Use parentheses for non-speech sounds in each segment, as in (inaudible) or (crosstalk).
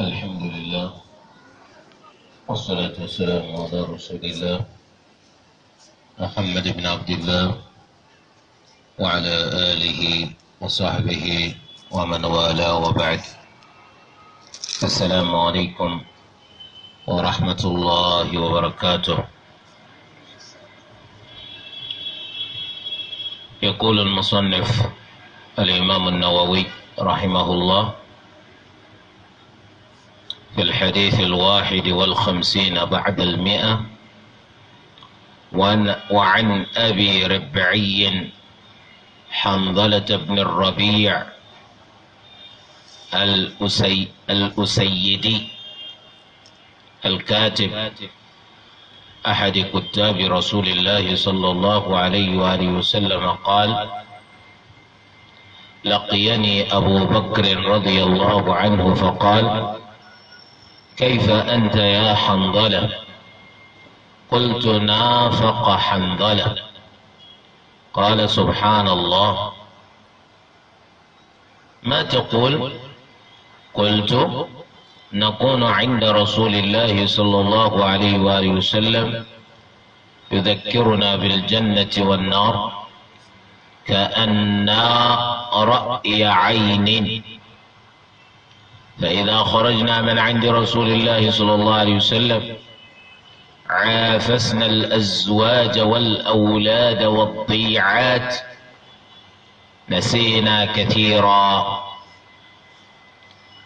الحمد لله والصلاة والسلام على رسول الله محمد بن عبد الله وعلى آله وصحبه ومن والاه وبعد السلام عليكم ورحمة الله وبركاته يقول المصنف الإمام النووي رحمه الله في الحديث الواحد والخمسين بعد المئة وعن أبي ربعي حنظلة بن الربيع الأسي الأسيدي الكاتب أحد كتاب رسول الله صلى الله عليه وآله وسلم قال لقيني أبو بكر رضي الله عنه فقال كيف أنت يا حنظلة قلت نافق حنظلة قال سبحان الله ما تقول قلت نكون عند رسول الله صلى الله عليه وآله وسلم يذكرنا بالجنة والنار كأن رأي عين فإذا خرجنا من عند رسول الله صلى الله عليه وسلم عافسنا الأزواج والأولاد والضيعات نسينا كثيرا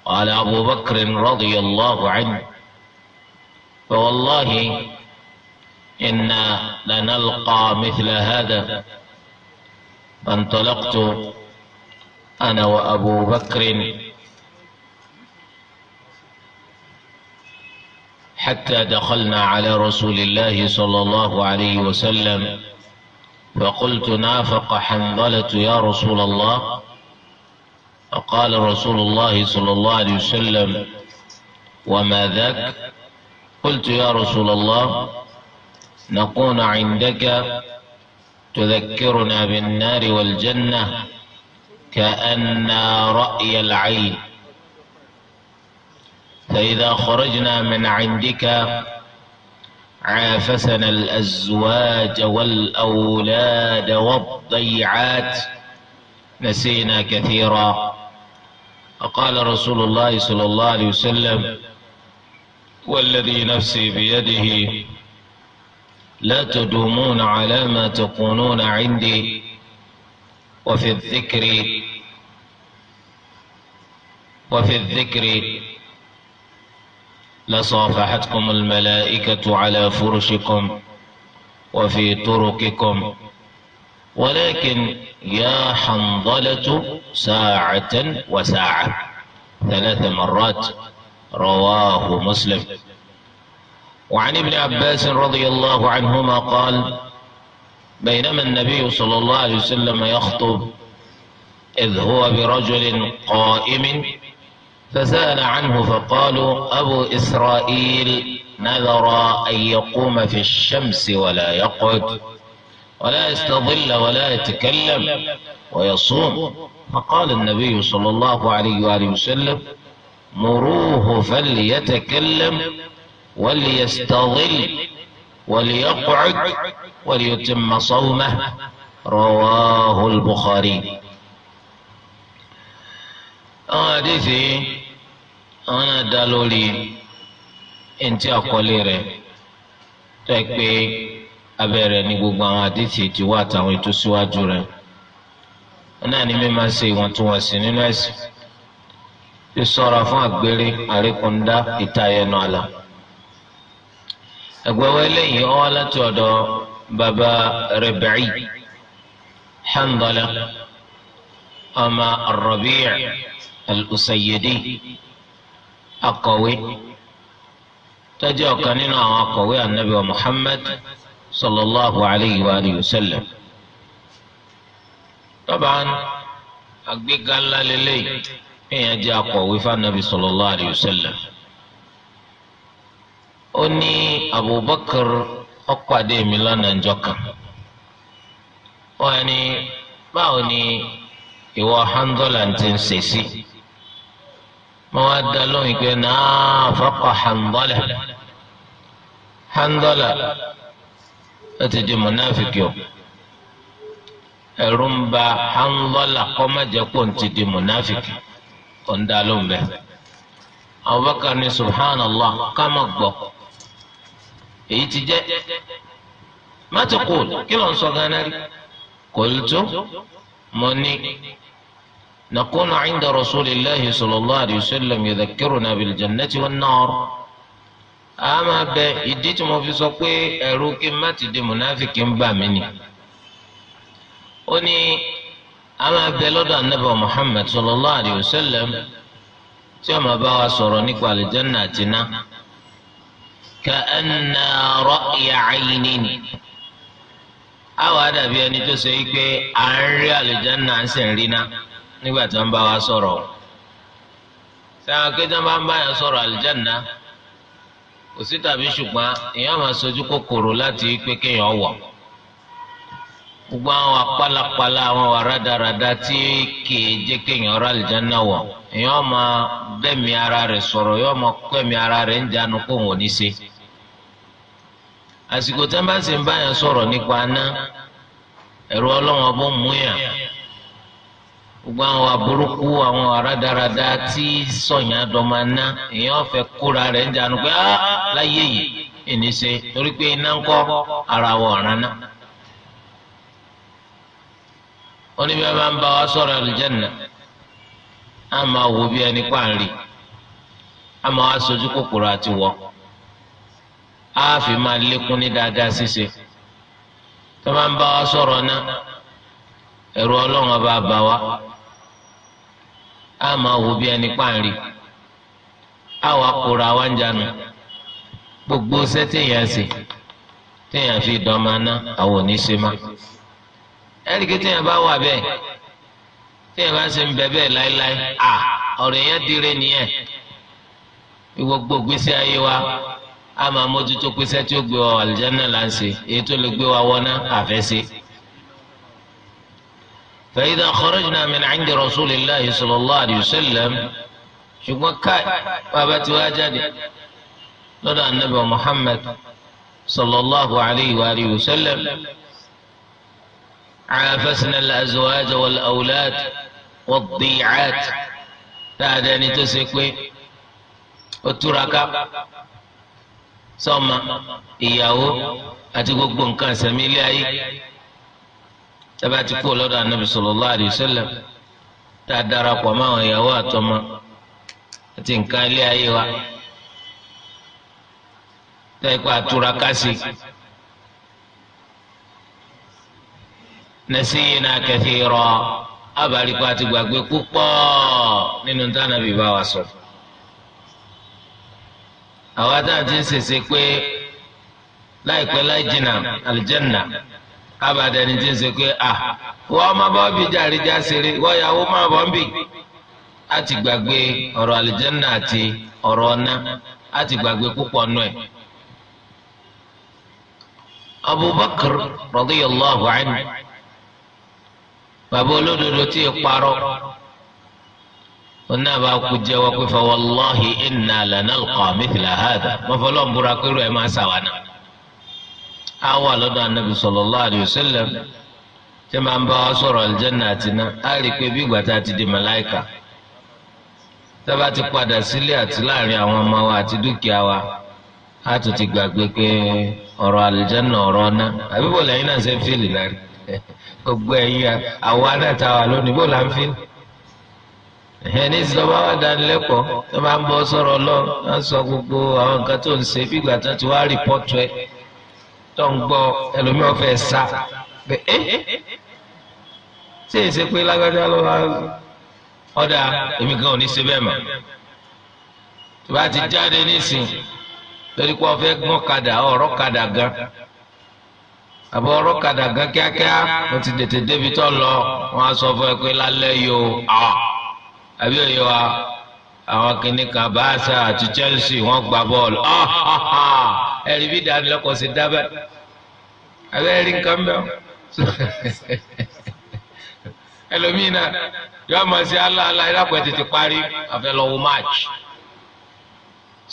قال أبو بكر رضي الله عنه فوالله إنا لنلقى مثل هذا فانطلقت أنا وأبو بكر حتى دخلنا على رسول الله صلى الله عليه وسلم فقلت نافق حنظلة يا رسول الله فقال رسول الله صلى الله عليه وسلم وما ذاك قلت يا رسول الله نكون عندك تذكرنا بالنار والجنة كأن رأي العين فإذا خرجنا من عندك عافسنا الأزواج والأولاد والضيعات نسينا كثيرا فقال رسول الله صلى الله عليه وسلم والذي نفسي بيده لا تدومون على ما تكونون عندي وفي الذكر وفي الذكر لصافحتكم الملائكة على فرشكم وفي طرقكم ولكن يا حنظلة ساعة وساعة ثلاث مرات رواه مسلم وعن ابن عباس رضي الله عنهما قال بينما النبي صلى الله عليه وسلم يخطب إذ هو برجل قائم فسأل عنه فقالوا أبو إسرائيل نذر أن يقوم في الشمس ولا يقعد ولا يستظل ولا يتكلم ويصوم فقال النبي صلى الله عليه وآله وسلم مروه فليتكلم وليستظل وليقعد وليتم صومه رواه البخاري àwọn àdìsí àwọn náà dá lórí ẹntì àkọlé rẹ̀ tó ẹ pé abẹ́rẹ́ ní gbogbo àwọn àdìsí ti wá àtàwọn ètò síwájú rẹ̀ wọn náà ní mímọ̀ ṣe ìwọ̀ntúnwọ̀nsì nínú ẹ̀sìn ti ṣọ́ra fún àgbèrè àríkúndá ìtayẹnu àlà ẹgbẹ́wọ́ eléyìí ó láti ọ̀dọ̀ baba Rabi'i Handala ọmọ Rabi' al-Usaydi akọ̀wé tó jẹ́ ọ̀kan nínú àwọn akọ̀wé anabi wa Muhammad sallallahu alayhi wa alihi wa sallam. tọ́bàn àgbéga ńlá lélẹ́yìn èèyàn jẹ́ akọ̀wé fanabi sallallahu alayhi wa sallam. ó ní Abubakar ọ̀pàdé mi lọ́nà ìjọ kan. wọ́n báwo ni ìwọ handola ti ń ṣe sí. Si mo wá dá lóhùn pé náà faqa Hanzala Hanzala ó ti di mùnáfíkì o ẹ̀rù ń ba Hanzala kó má jẹ́ kó ń ti di mùnáfíkì kó ń dá lóhùn bẹ́ẹ̀ Abubakar ní subhanallah ká má èyí ti jẹ́ má ti kú kí ló ń sọ gánà kò tó mo ní. نكون عند رسول الله صلى الله عليه وسلم يذكرنا بالجنة والنار أما بإديت ما في سوقي أروك ما تدي منافق بامني أني أما بلد النبي محمد صلى الله عليه وسلم كما بوا سورونيك والجنة تنا كأن رأي عينين. أو هذا بأن تسيك أن رأي الجنة سنرنا nígbà tí wọ́n bá wa sọ̀rọ̀ sáwọn akéjà máa ń báyà sọ̀rọ̀ àlìjáná kò sí tàbí ṣùgbọ́n èèyàn máa sojú kòkòrò láti pé kéèyàn wọ̀ gbogbo àwọn apálapàla àwọn àràdàràdà tí kìí jẹ́ kéèyàn ra àlìjáná wọ̀ èèyàn máa bẹ́mi ara rẹ̀ sọ̀rọ̀ yóò máa kọ́mi ara rẹ̀ ń jánu kó wọn ní ṣe àsìkò tí wọ́n bá sì ń báyà sọ̀rọ̀ nípa aná ẹ̀rọ ọlọ́wọ́n bó mú yàn. gbogbo àwọn aburúkú àwọn àràdáradá tí sọ̀yìn àdọ́mà ná èèyàn fẹ́ kóra rẹ̀ ń jànú pé ah, láyé yìí ènì torí pé iná ń kọ́ ara náà. ó ní bẹ́ẹ̀ máa ń bá wa sọ̀rọ̀ á máa wò bí ẹni á máa wá sojú kòkòrò àti wọ. á fi máa lékún ní dáadáa ṣíṣe tó wa sọ̀rọ̀ náà ẹ̀rù ọlọ́run ọba a máa wo bí ẹni páàrin a wàá kóra wa ń janu gbogbo ṣẹ́ téèyàn ṣe téèyàn fi dán máa ná àwọn oníṣe má ẹnìkí téèyàn bá wà bẹ́ẹ̀ téèyàn bá ṣe ń bẹ bẹ́ẹ̀ láéláé à ọ̀rọ̀ yẹn dire nìyẹn gbogbo gbèsè ayé wa a máa mójútó pèsè tí ó gbé wa wà àlùjánnà là ń ṣe èyí tó lè gbé wa wọ́ná àfẹ́ ṣe. فإذا خرجنا من عند رسول الله صلى الله عليه وسلم شو كاي بابت واجد لولا النبي محمد صلى الله عليه وآله وسلم عافسنا الأزواج والأولاد والضيعات تادني تسكوي وتركا sọma ìyàwó àti gbogbo nǹkan sẹmílẹ tábà ti kú lọ́dọ̀ anabi sallallahu alayhi wa sallam tá a darapọ̀ mọ́ àwọn ìyàwó àtọmọ àti nǹkan ilé ayé wa tẹ́kọ̀ àtúra kásì nasiyina kathira abalikọ àti gbàgbé púpọ̀ nínú tánàbí bá wa sọ. àwa táà ti ń sèse pé láìpẹ́ láì jìnnà àlùjánnà abàdàn ni tí ń sọ pé à wọ́n ọmọ bá bí jàríjà ṣeré wọ́n yàwó máa bọ̀ ń bì láti gbàgbé ọ̀rọ̀ àlìjẹ́nà àti ọ̀rọ̀ ọ̀nà láti gbàgbé púpọ̀ nù ẹ̀. Abubakar radiyallahu anhu bàbá olódodo tí ì oní àbá kú jẹ́wọ́ pé fa wallahi inna lanalqa mithla hadha mọ́fọ́lọ́mbúra pẹ̀lú ẹ̀ máa ṣàwánà. á wà lọ́dọ̀ anabi Sọlọlọ alayhi wa sallam tí bá wa sọ̀rọ̀ aljanna àti iná á rí i pé bí ìgbà tá a ti di ti padà sílé àti láàrin àwọn ọmọ wa àti dúkìá wa á tún ti gbàgbé pé ọrụ aljanna ọ̀rọ̀ ọ̀nà àbí bò lẹ́yìn náà ṣe ń fìlì (laughs) gbogbo lónìí bò là ń fìlì ẹni wa ń bọ́ sọ̀rọ̀ sọ tó ń gbọ́ ẹlòmíràn fẹ́ sá bẹ́ẹ̀ ṣé èsè pé lágbájá ló wá ọ̀dà èmi gan ò ní ṣe bẹ́ẹ̀ mọ́ tó bá ti jáde nísìn lórí pé wọ́n fẹ́ gbọ́n kadà ọ̀rọ̀ kadà gan àbọ̀ ọ̀rọ̀ kadà gan kíákíá wọ́n ti tètè débi tó lọ wọ́n á sọ fún ẹ pé lálẹ́ yóò ọ̀ àbí òye wa àwọn kìnnìkan Barca àti Chelsea wọ́n gba bọ́ọ̀lù ọ̀ ọ̀ ọ̀ ẹ̀rí bí ìdánilẹ́kọ̀ọ́ sì dábẹ́ abẹ́ ẹ̀rí nǹkan bẹ́ẹ̀ ẹlòmíín náà yóò máa ṣe aláàlá ìdàpọ̀ tètè parí àfẹlọ́wọ́ march.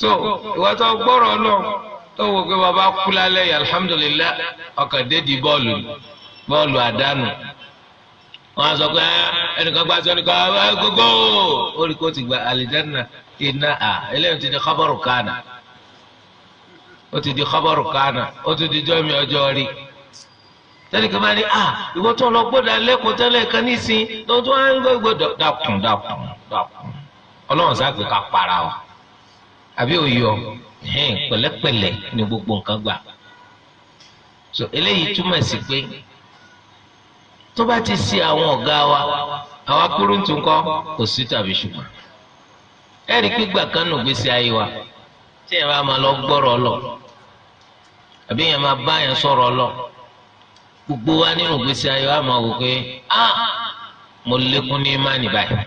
so ìwà tó gbọ́rọ̀ náà tó wò pé bàbá kú lálẹ́ yìí alhamdulillah ọkàn dédìí bọ́ọ̀lù bọ́ọ̀lù àdánù wọn sọ pé ah, ẹnìkan gba sọ ẹnìkan gbogbo olùkó ti gba àlìjáná iná à eléyìí ti di kábọ̀rù kánà ó ti di kọ́bọ̀rù kánà ó ti di jọ́mi ọjọ́ rí tẹ́lẹ̀ kan bá ní à ah, ìwọ tó lọ gbọ́dọ̀ lẹ́kọ̀ọ́ tẹ́lẹ̀ kan nísìn tó tó wá ń gbọ́ dàkùn dàkùn dàkùn ọlọ́run sáà pé ká para o àbí òye ọ pẹ̀lẹ́pẹ̀lẹ́ ni gbogbo nǹkan gbà so eléyìí túmọ̀ sí pé tó bá ti ṣe àwọn ọ̀gá wa àwa kúrú ń tún kọ́ kò sí tàbí ṣùgbọ́n ẹ̀rí pígbà kan nù gbèsè ayé wa tí ẹ bá máa lọ gbọ́rọ̀ ọlọ́run àbí yẹn máa bá yẹn sọ̀rọ̀ lọ gbogbo wa nínú gbèsè ayọ̀ á wò pé a mo lékún ní imáni báyìí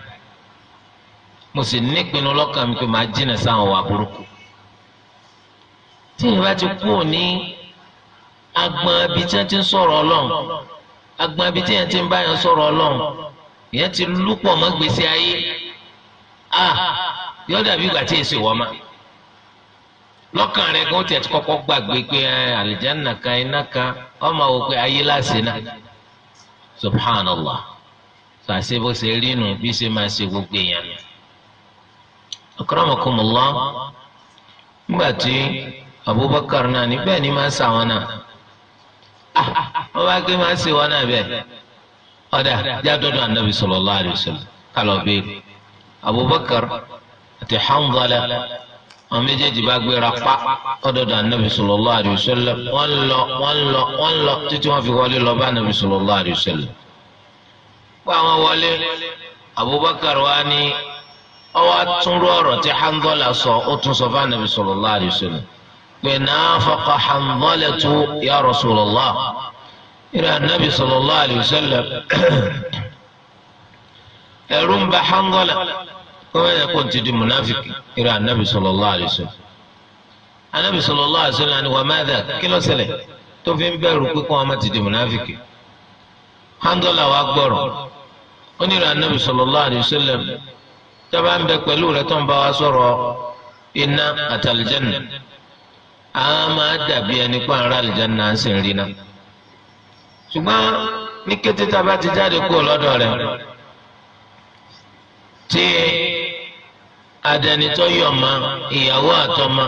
mo sì nípinnu lọ́kàn mi pé màá jìnnà sáwọn wà burúkú tí yẹn bá ti kú òní agbọn ibi tí yẹn ti ń sọ̀rọ̀ ọlọ́run agbọn ibi tí yẹn ti ń bá yẹn sọ̀rọ̀ ọlọ́run yẹn ti lúpọ̀ mọ́ gbèsè ayé a yọ dàbí ìgbà tí èsì wọ́n máa. lọ́kàn rẹ̀ kó tiẹ̀ ti kọ́kọ́ gbàgbé pé eh, àlìjáná kan iná kan ọmọ wò pé ayé láṣẹ náà subhanallah fàṣẹ bó ṣe rí nu bí ṣe máa ṣe gbogbo èèyàn nù. nígbà abubakar náà ni máa ń wọn náà ah, wọ́n bá máa ṣe wọn náà bẹ́ẹ̀ ọ̀dà anabi kálọ̀ abubakar àti àwọn méjèèjì bá gbéra pa ọdọdọ anabi sallallahu alaihi wasallam wọn lọ wọn lọ wọn lọ títí wọn fi wọlé lọ bá anabi sallallahu alaihi wasallam. pa àwọn wọlé abubakar wa ni ọwọ́ atúnrú ọ̀rọ̀ tí hanzọ́là sọ ó tún sọ fún anabi sallallahu alaihi wasallam pé nafaqa hanzalatu ya rasulullah ìrẹ anabi sallallahu alaihi wasallam (clears throat) ẹ̀rù ń ba hanzọ́là kọ́mọ́ yẹ kó ti di munafiki irú anabi sallallahu alaihi wasallam anabi sallallahu alaihi wasallam ni wà má dà kí ló ṣẹlẹ̀ tó fi ń bẹ̀rù pé kó wọn má ti di munafiki handola wa gbọ́rọ̀ ó ní irú anabi sallallahu alaihi wasallam tábà ń bẹ pẹ̀lú rẹ tó ń bá wa sọ̀rọ̀ iná àtàlìjẹ́nà a máa dàbí ẹni pé ara àlìjẹ́nà ń sìn rí ṣùgbọ́n ní kété tábà ti jáde kúrò lọ́dọ̀ rẹ tí adẹnitọ́ yọ̀ọ̀ma ìyàwó àtọmọ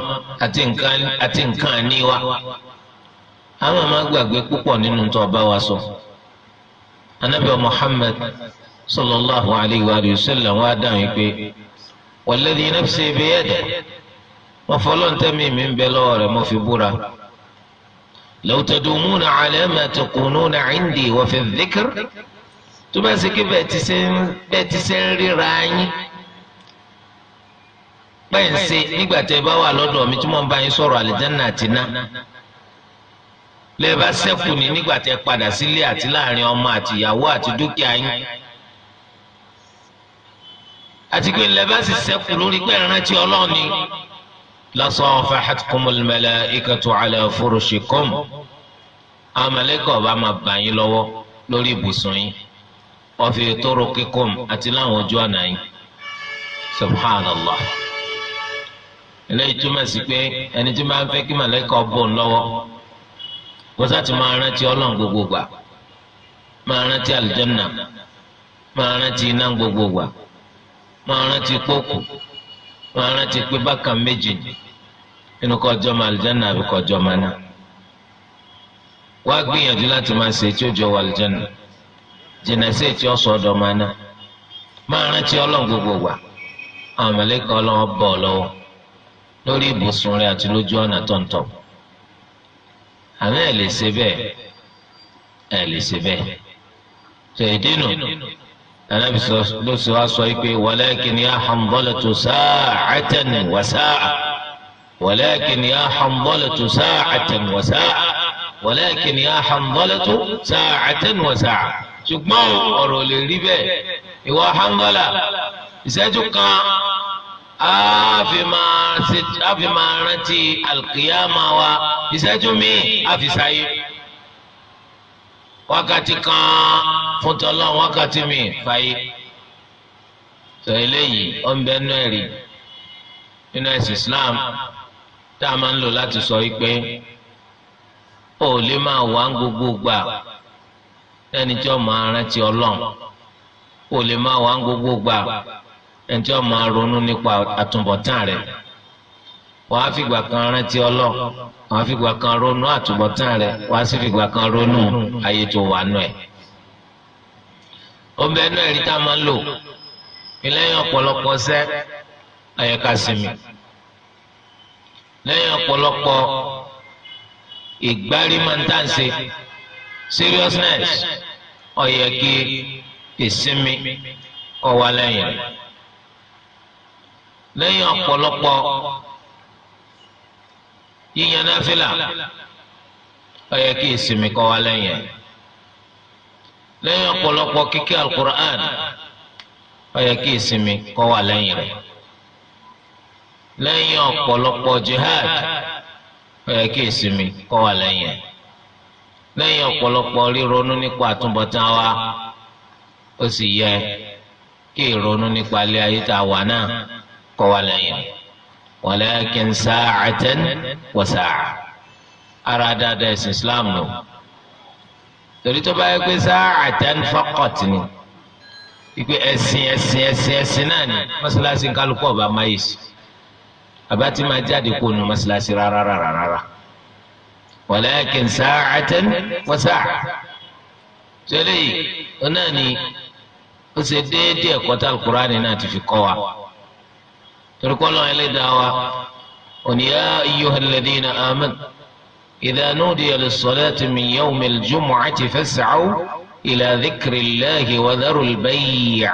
àti nǹkan àníwá àwọn máa gbàgbé púpọ̀ nínú tó ọba wa sọ anabi muhammed sallallahu alayhi wa sallam wa dáhùn pé wàlẹ́dí nafsi biyadihi wọ́n fọlọ́ntẹ́mí mi ń bẹ lọ́wọ́ rẹ̀ mo fi búra law tadumuna ala ma takununa indi wa fi dhikr tó bá ṣe kí bẹ́ẹ̀ ti ṣe ń ríra yín pẹ́ ń ṣe nígbà tẹ́ ẹ bá wà lọ́dọ̀ mi tí mo ń bá yín sọ̀rọ̀ àlìjáná àti iná lẹ́ẹ̀bá sẹ́kù ni nígbà tẹ́ padà sílé àti láàrin ọmọ àti ìyàwó àti dúkìá yín àti pé lẹ́ẹ̀bá sì sẹ́kù lórí pé ìrántí ọlọ́ọ̀ni lasafahatkumul malaikatu ala furushikum àwọn mẹlẹ́kọ̀ ọba máa bà yín lọ́wọ́ lórí ibùsùn yín wa fi turuqikum àti láwọn ojú ọ̀nà yín subhanallah. eléyìí túmọ̀ sí pé ẹni tí máa ń fẹ́ kí màlẹ́kà bò ń lọ́wọ́ kó sáàtì máa rántí ọlọ́run gbogbo gbà máa rántí àlùjànnà máa rántí iná gbogbo gbà máa rántí kókò máa rántí pé bákan méjì nínú kọjọ́ máa àlùjànnà àbí kọjọ́ máa náà wá gbìyànjú láti máa ṣe tí ó jọ wà lórí ibùsùn rẹ àti lójú ọ̀nà tọ̀ntọ̀ àmì ẹ̀ lè ṣe bẹ́ẹ̀ ẹ̀ lè ṣe bẹ́ẹ̀ tó ìdí nù anabi ló sì wá sọ pé walakin ya hamdalatu sa'atan wa sa'a walakin ya hamdalatu sa'atan wa sa'a walakin ya hamdalatu sa'atan wa sa'a ṣùgbọ́n ọ̀rọ̀ lè rí bẹ́ẹ̀ ìwà hamdala ìṣẹ́jú kan àfi máa rántí alkiyama wa ìṣẹ́jú mi àfi sáyé wákàtí kan fún tọ́lọ́ wákàtí mi fàyè sọ eléyìí ọ̀n bẹ́ẹ̀ nù ẹ̀rí nínú ẹ̀sìn Islam tá a máa ń lò láti sọ wípé ó lè máa wà ń gbogbo gbà lẹ́ni tí ó máa rántí Ọlọ́run ó lè máa wà gbogbo gbà ẹni tí ó máa ronú nípa àtúbọ̀tán rẹ̀ wàá fìgbà kan rántí ọlọ wàá fìgbà kan ronú àtúbọ̀tán rẹ̀ wàá sì fìgbà kan ronú ayé tó wà nù ẹ̀. ọbẹ̀ náà rí tá a máa ń lò lẹ́yìn ọ̀pọ̀lọpọ̀ sẹ́ ayẹ̀ká sinmi lẹ́yìn ọ̀pọ̀lọpọ̀ ìgbárí máa ń tàǹsẹ̀ seriousness ó yẹ kí ìsinmi kọ́ wa lẹ́yìn rẹ̀. lẹ́yìn ọ̀pọ̀lọpọ̀ yíyan náfìlà ó yẹ kí ìsinmi kọ́ wa lẹ́yìn lẹ́yìn ọ̀pọ̀lọpọ̀ kíké alukur'an ó yẹ kí ìsinmi kọ́ wa lẹ́yìn rẹ̀ lẹ́yìn ọ̀pọ̀lọpọ̀ jihad ó yẹ kí ìsinmi kọ́ wa lẹ́yìn ẹ̀ lẹ́yìn ọ̀pọ̀lọpọ̀ ríronú nípa àtúbọ̀tán wa ó sì yẹ kí ìrònú nípa ilé ayé tá a wà náà. kọ́ wa lẹ́yìn walakin sa'atan wa sa'a ara dáadáa ẹ̀sìn islam nù torí tó bá yẹ pé sa'atan faqat ni ìpè ẹ̀sìn ẹ̀sìn ẹ̀sìn ẹ̀sìn náà ni mọ́sálásí kálukú ọba máyè sí àbá jáde kó nu mọ́sálásí rárá walakin sa'atan wa sa'a tẹ́lẹ̀ yìí ó ni ó ṣe déédéé ẹ̀kọ́ tá al náà ti fi kọ́ wa. تركوا الله إليه دعوة قل يا أيها الذين آمنوا إذا نودي للصلاة من يوم الجمعة فاسعوا إلى ذكر الله وذروا البيع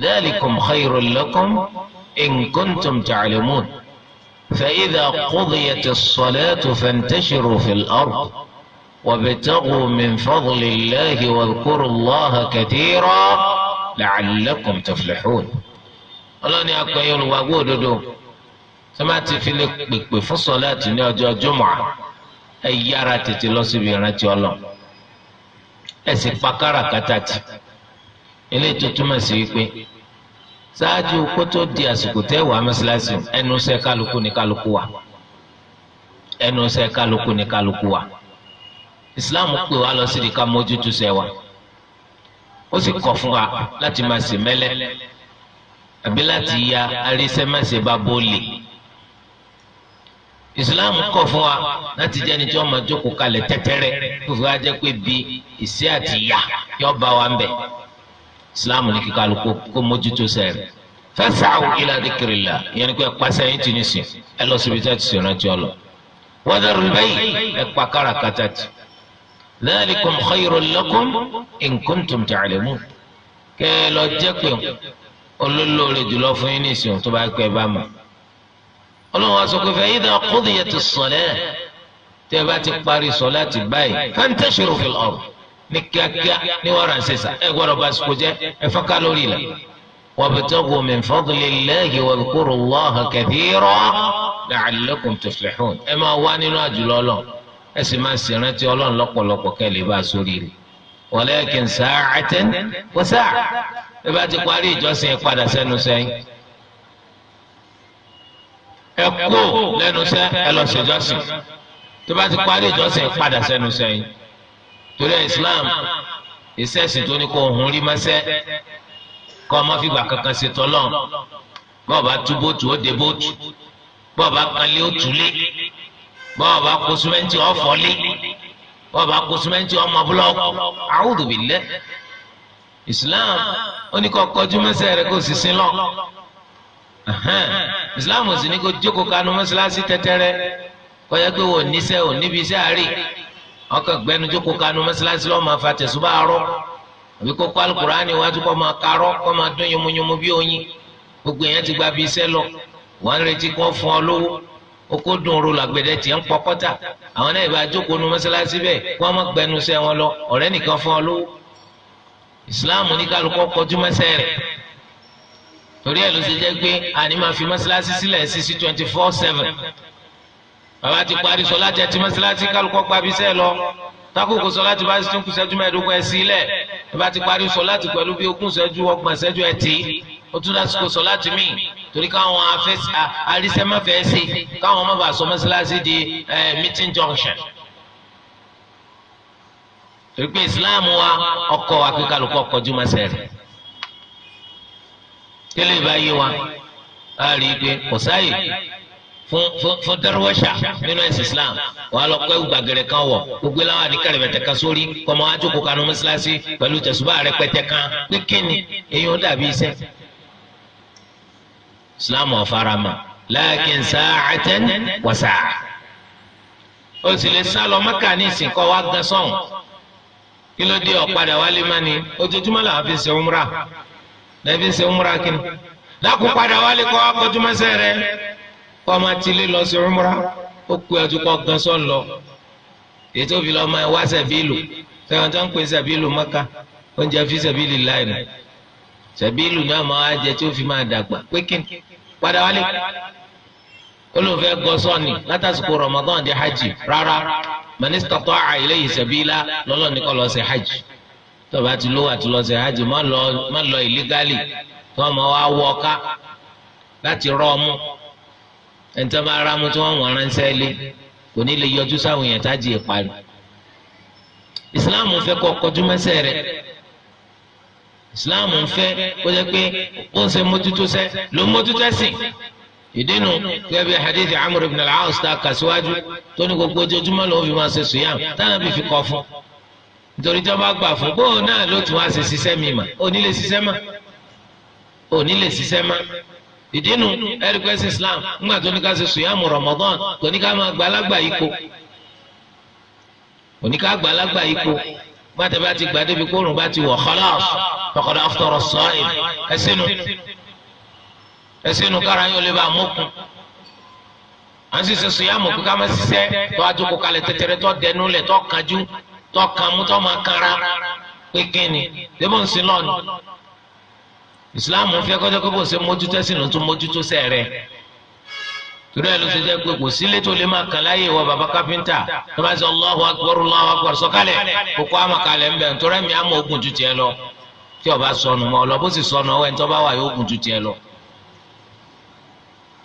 ذلكم خير لكم إن كنتم تعلمون فإذا قضيت الصلاة فانتشروا في الأرض وابتغوا من فضل الله واذكروا الله كثيرا لعلكم تفلحون ọlọ́ni akọ̀yìn olùwàgbọ́ òdodo sọ́mà ti fi lè pèpè fún sọ́láàtì ní ọjọ́ jùmọ̀ ẹ yára tètè lọ síbi ìrántí ọlọ ẹ sì pa káràkátà tì ilé tó túmọ̀ sí wípé ṣáájú kó tó di àsìkò tẹ́wàá mẹ́sàlásì ẹnu sẹ́ kálukú ní kálukú wa ẹnu sẹ́ kálukú ní kálukú wa Islam pè wá lọ sí di mójútó sẹ́ wa ó sì kọ̀ fún wa láti máa sì mẹ́lẹ́ àbí láti ya arísẹ́mẹsẹ̀ bá bólè islam kọ̀ fún wa láti jẹ́ ẹni tí wọ́n máa jókòó kalẹ̀ tẹ́tẹ́rẹ́ fúnfún wa jẹ́ pé bí ìṣe àti ìyá yọ bá wa ń bẹ̀ islam ní kíkọ́ àlùkò kó mójútó sẹ́rẹ̀ fas'u ila dhikrillah ìyẹn ni pé pàṣẹ yín ti ní sìn ẹ lọ síbi tí wọ́n ti sìn rántí ọ lọ wadharul bay'a ẹ pa káràkátà tì dhalikum khayrun lakum in kuntum ta'lamun kẹ́ ẹ lọ jẹ́ pé olólóore jùlọ fún yín nísìnyí tó bá pẹ́ bá mọ̀ ọlọ́run á sọ pé fẹ́ idha qudiyatis salah tẹ́ ẹ bá ti parí sọ̀láàtì báyìí fantashiru fil ard ní kíákíá ní wàrà ṣèṣà ẹ gbọ́dọ̀ bá sùkò jẹ́ ẹ fọ́nká lórí ilẹ̀ wabtaghu min fadlillahi wadhkurullaha kathira la'allakum tuflihun ẹ máa wá nínú àjùlọ ọlọ́run ẹ sì máa ṣèrántí ọlọ́run lọ́pọ̀lọpọ̀ kẹ́ lè bá a sórí rẹ̀ walakin sa'atan wa sa'a ẹ bá ti parí ìjọsìn ẹ padà sẹ́nu sẹ́yìn ẹ kó lẹ́nu sẹ́ ẹ lọ ṣèjọsìn tó bá ti parí ìjọsìn ẹ padà sẹ́nu sẹ́yìn torí Islam ìṣẹ́sìn tó ní kó òun rí mọ́sẹ́ kọ́ ọmọ fìgbà kankan ṣe tọ́lọ́ bọ́ọ̀ bá tú bóòtù ó de bóòtù bọ́ọ̀ bá kanlé ó túlé bọ́ọ̀ bá kó súnmẹ́ntì ó fọ́lé bọ́ọ̀ bá kó súnmẹ́ntì ó mọ búlọ́ọ̀kù a'udhu billah islam ó ní kó kọjú mẹsẹ̀ rẹ kó sì lọ islam ò sì ní kó jókòó kanu mọ́sálásí tẹ́tẹ́rẹ́ kó yẹ pé wò níṣẹ́ ò níbi iṣẹ́ àárẹ̀ ọkàn gbẹnu jókòó kanu mọ́sálásí lọ́ọ́ máa fa tẹ̀sùbá arọ́ àbí kó kó alukurani wájú kó máa karọ́ kó máa dún yomoyomo bí oyin gbogbo yẹn ti gba bí iṣẹ́ lọ wọ́n retí kó fún ọ lówó oko dùn ro làgbẹ̀dẹ tiẹ̀ ń pọkọ́ta àwọn náà ìbá jókòó nu mọ́sálásí bẹ́ẹ̀ kó wọ́n gbẹnu sẹ́ wọn lọ ọ̀rẹ́ nìkan fún ọ lówó islam ní kálukọ́ kọjú mẹ́sẹ̀ rẹ̀ torí ẹ̀ ló ṣe jẹ́ pé àní máa fi mọ́ṣáláṣí sílẹ̀ sí sí twenty four seven bàbá ti parí sọlá jẹ ti mọ́ṣáláṣí kálukọ́ gbabi sẹ́ lọ takoko sọlá ti bá tún kù ṣẹ́jú mẹ́ẹ̀ẹ́dógún ẹ̀ sílẹ̀ bàbá ti parí sọlá ti pẹ̀lú bí ogún ṣẹ́jú ọgbọ̀n ṣẹ́jú ẹ̀ tì í ó tún lásìkò sọ láti mí torí káwọn arísẹ́mọ́fẹ́ ṣe káwọn má bàa sọ mọ́ṣáláṣí di meeting junction wípé islam wa ọkọ wa pé kálukọ kọjú mọ́sẹ̀ rẹ̀ tẹ́lẹ̀ wa a rí i pé kò sáyè fún fún fún dárúwọ́ṣà nínú ẹ̀sìn islam wà á lọ pé gbàgẹ̀rẹ̀ kan wọ̀ gbogbo láwọn àdìkà rẹ̀ bẹ̀tẹ̀ kan sórí kọ́mọ wa jókòó kanú mọ́sálásí pẹ̀lú tẹ̀sùbá rẹ̀ pẹ̀tẹ̀ kan pé kíni èyí ó dàbí iṣẹ́ islam ọ̀farama láàkín sàáàtẹ́n wàsà ó sì lè sá lọ mọ́kà ní ìsìnkọ́ wa gan sọ́hùn kí ló dé ọ̀padà wálé má ni ojoojúmọ́ làwọn fi ṣe umra làwọn fi ṣe umra kini ni dákun padà wálé kọ́ akọ́júmọ́sẹ́ rẹ kọ́ ọmọ tilé lọ sí umra ó kú ẹtù kọ́ gan sọ́n lọ ètò òbí lọ́mọ ẹ wá sẹ̀bílù sẹ́wọ̀n tó ń pè sẹ̀bílù mọ́ká oúnjẹ fi sẹ̀bílù láì nù sẹ̀bílù náà máa jẹ tí fi máa dàgbà pé kí padà wálé olùfẹ́ gọ́sọ́ọ̀nì látàsìkò Ramadan di hajj rárá mínísítà tó àà ilayhi sabila lọ́lọ́ ní kọ́ lọ́ọ́ ṣe hajj tó bá ti lówó àti lọ́ọ́ ṣe hajj má lọ ìlígálì tó ọmọ wa wọ ká láti rọ ọmú ẹni tó bá rámú tí wọ́n wọ̀n ránṣẹ́ lé kò ní lè yọjú sáwọn èèyàn tájì ìparí ìsìláàmù fẹ́ kọ́ kọjú mẹ́sẹ̀ rẹ̀ ìsìláàmù fẹ́ kó jẹ́ pé ó ń ṣe mójútó sẹ́ ló mójútó sìn ìdínú gẹ́gẹ́ hadithi amr ibn al-aas ta kà síwájú tó ní gbogbo ojoojúmọ́ lòun fi máa ṣe sùyàm táwọn bí fi kọ́ fún nítorí tí wọ́n bá gbà fún bóun náà ló tún wá ṣe ṣiṣẹ́ mi mà òní lè ṣiṣẹ́ mà òní lè ṣiṣẹ́ mà ìdínú ẹ̀ríkẹ́sì islam ńgbà tó ní ká ṣe sùyàm ramadan kò ní ká máa gba alágbà ipò kò ní ká gba alágbà ipò bàtẹ́ bá ti gbà kórùn bá ti wọ̀ khalas faqad ẹsẹ inú kára yín ò lè bá mọkùn à ń sísè sùyàmù kí ká má sísẹ tó adúgbò kalẹ̀ tẹtẹrẹ tó dẹnu lẹ tó kanjú tó kàmú tó má kára kékeré ni débò ń sin lọ́nù ìsìláàmù fẹ́ kọjá kó bó ṣe mójútó ẹ̀sìn ló tún mójútó sẹ rẹ torí ẹ ló ṣe jẹ́ pé kò tó lè tó bá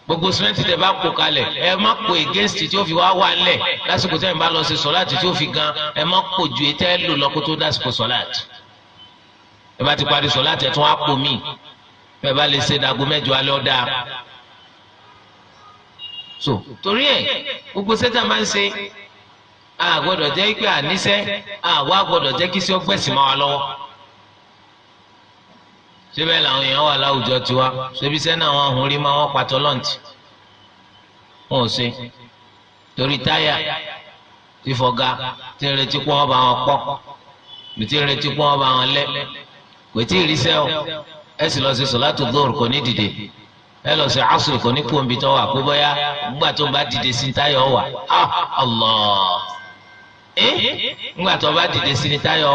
gbogbo sìmẹ́ntì tẹ bá kó kalẹ̀ ẹ má kó against tí ó fi wá wà lẹ̀ lásìkò tẹ́ ẹ bá lọ sí sọ́láàtì tí ó fi gan ẹ má kó ju etí ẹ lò lọ́kó tó dásìkò sọ́láàtì ẹ bá ti parí sọ́láàtì ẹ tún á pò mí ẹ bá lè ṣe dàgbo mẹ́jọ alẹ́ ọ̀dà so torí ẹ gbogbo sẹ́tà máa ń ṣe a gbọ́dọ̀ jẹ́ pé àníṣẹ́ àwa gbọ́dọ̀ jẹ́ kí sí máa wà lọ́wọ́ síbẹ̀ làwọn èèyàn wà láwùjọ tiwa ṣebí sẹ́ni àwọn ọ̀hún rí máa wọ́n pàtó lọ́ǹtì wọn ò ṣe torí táyà ti tí ń retí pọ́n ọba wọn pọ́ ti ń retí pọ́n ọba wọn lẹ́ kò tí ì rí ẹ sì lọ sí dóòrù kò ní dìde ẹ lọ sí asùn kò ní tó wà Allah nígbà tó bá dìde sí táyà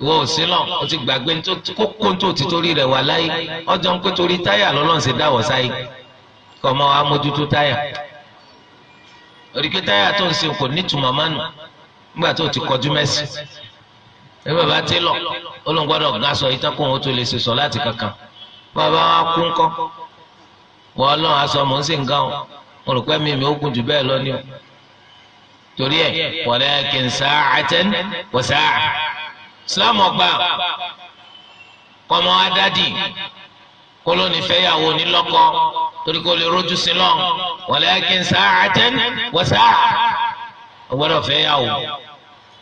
wọn ò sí lọ o ti gbàgbé kókó tó ti torí rẹ̀ wà láyé ọjọ́ ń pé torí táyà lọ́lọ́run ṣe dáwọ̀ sáyé kọ́ ọmọ wa mójútó táyà oríkè táyà tó ń ṣe kò ní mánu nígbà tó ti kọjú mẹ́sì ẹ bàbá lọ olóńgbọ́dọ̀ gán kó wọn tó lè sọ láti kankan bàbá wa kú wọ́n aṣọ ń o mo rò pé mi mi lọ ni o torí kì islam ọgbà kọmọ adadi kolóni fẹ́yàwó nílọ́kọ torí kò lè rojú sí lọ walakin sa'atan wa sa'a ọgbọ́dọ̀ fẹ́yàwó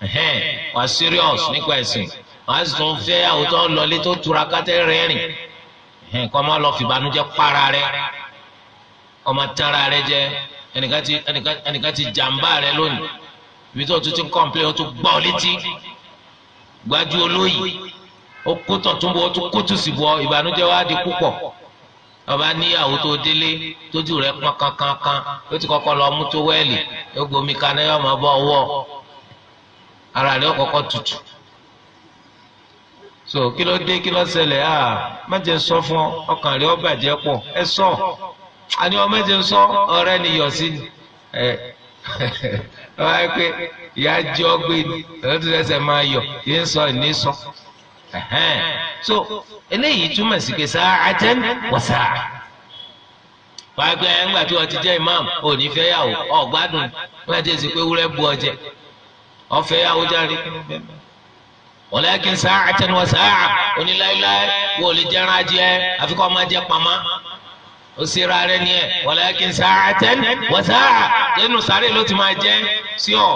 ẹhẹn wà serious nípa ẹ̀sìn wàá sì tún fẹ́yàwó tó ń lọlé tó tura kátẹ́ rẹ́rìn ẹhẹn kọmọ lọ fìbànújẹ́ para rẹ ọmọ tara rẹ jẹ ẹnìkan ti jàmbá rẹ lónìí ibi tó tún ti ń kọ́ńplé ó tún gbọ́ létí gbájú olóyè ó kó tọ̀tún bọ́ tó kó tùsì bọ́ ìbànújẹ́ wa di púpọ̀ ọba níyàwó tó délé tójú rẹ̀ pọn kankankan ó ti kọ́kọ́ lọ mú tó wẹ́ẹ̀lì ó gbomi kaná yọ ọmọ bọ́ ọwọ́ ara rẹ̀ ó kọ́kọ́ tutù so kí ló dé kí ló ṣẹlẹ̀ à má jẹ́ sọ fún ọ ọkàn rẹ̀ ó bàjẹ́ pọ̀ ẹ sọ àní ọmọ sọ ọ̀rẹ́ ni yọ̀ sí ẹ wọ́n á pé ìyá jẹ́ ọgbẹ́ ni ẹ̀rọ tó ṣẹ̀ṣẹ̀ máa yọ yìí ń sọ ìní sọ. so eléyìí túmọ̀ sí pé sáà àtẹ́n wọ̀ sáà. wọ́n á pé ẹ̀ńgbà tí wọ́n ti jẹ́ ìmáàmù ò ní fẹ́ yàwó ọ̀gbádùn wọ́n á ti sè pé wúrẹ́ bu ọjẹ́ ọ̀fẹ́ yàwó járe. walakin sáà àtẹ́n wọ̀ sáà oníláíláí wọ́n ò lè jẹ́ rájẹ́ àfikún ọmọ jẹ́ pamá ó sì ra rẹ̀ ni ẹ̀ walakin sáà àtẹ́n wọ̀ sáà lẹ́nu sáré ló ti máa jẹ́ sí ọ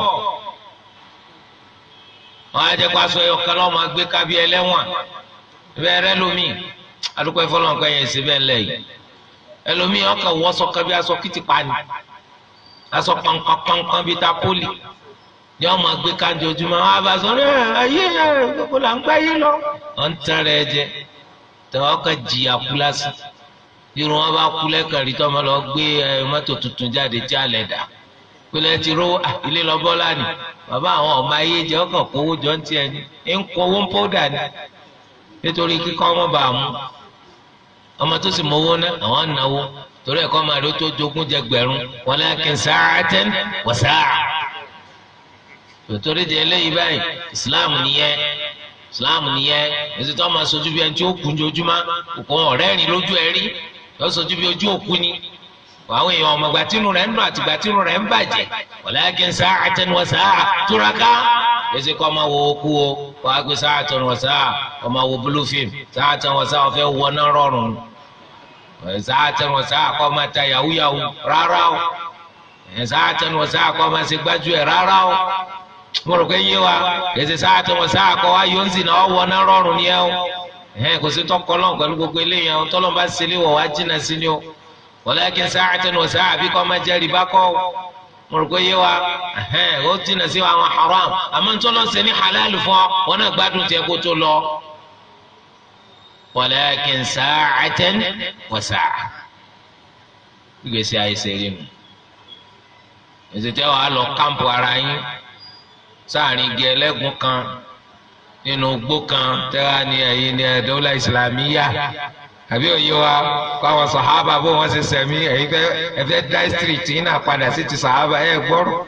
wọn á jẹ kó aṣọ ẹyọ kan lọ́wọ́ máa gbé kábí ẹlẹ́wọ̀n bẹ́ẹ̀ rẹ lómi adúpẹ́ fọlọ́nkọ́ yẹn ṣe bẹ́ẹ̀ lẹ̀ yìí ẹlòmíì ọkàn wọ́ sọ kábí aṣọ kìtìpá ni aṣọ pọnpọnpọnpọn bíi tapoli yọọ máa gbé káńdé ojúmọ́ àwọn abàṣọ rẹ ayé gbogbo là ń gbá yé lọ. ọ̀ ń tan rẹ jẹ tọ́wọ́ kan jìyà kú lásán irun wọn bá kú lẹ́kàn rí tọ́ lọ gbé mọ́tò tuntun jáde tí a lẹ̀ dà. pẹlẹ ti rówó ah, ilé lọ bọ́lá ni bàbá àwọn ọmọ ayé jẹ ọkàn kówó jọ ń tiẹ̀ ni ń kówó ń pọ́dà ni nítorí kíkọ́ ọmọ bá mú ọmọ tó sì mówó ná àwọn torí ẹ̀kọ́ máa ló tó jogún jẹ gbẹ̀rún wọn náà kí n sáàtẹ́n wọ̀ sáà di eléyìí báyìí ìsìláàmù nìyẹn ìsìláàmù nìyẹn èsì tó sojú bí ẹni tí ó jojúmọ́ òkú ọ̀rẹ́ rìn lójú bí ojú òkú ni àwọn èèyàn ọmọ ìgbà tínú rẹ̀ ń dùn àti ìgbà tínú rẹ̀ ń bàjẹ́ walakin sa'atan wa sa'a túraká lẹ́sẹ̀ kọ́ ọmọ wo kú o wọ́n gbé sa'atan wa sa'a ọmọ wo blue film sa'atan wa sa'a ọ̀fẹ́ wọ náà rọrùn sa'atan wa sa'a kọ́ ọmọ ta yahoo yahoo rárá o sa'atan wa sa'a kọ́ ọmọ ṣe gbájú ẹ̀ rárá o mo rò pé yé wa lẹ́sẹ̀ sa'atan wa sa'a kọ́ wa yóò ń sìn náà wọ náà rọrùn walakin sa'atan wa sa'a bí kò máa jẹ́ rìbá kọ́ mo rò pé yé wa ó jìnnà sí àwọn haram àmọ́ tó lọ sí ní halal fún ọ wọn náà gbádùn tiẹ̀ kó tó lọ walakin sa'atan wa sa'a ìgbésí ayé ṣe rí nu ètùtù ẹ̀ wàá lọ kámpù ara yín sáàrin igi ẹlẹ́gùn kan nínú igbó kan tẹ́wá ni ẹ̀yin ni ẹ̀dọ́lá ìsìlámíyà àbí òye wa káwọn sàhábà bó wọn ṣe sẹ̀mí ẹ̀yin fẹ́ ẹ̀fẹ́ dá street yín náà padà sí ti sàhábà ẹ̀ gbọ́rọ̀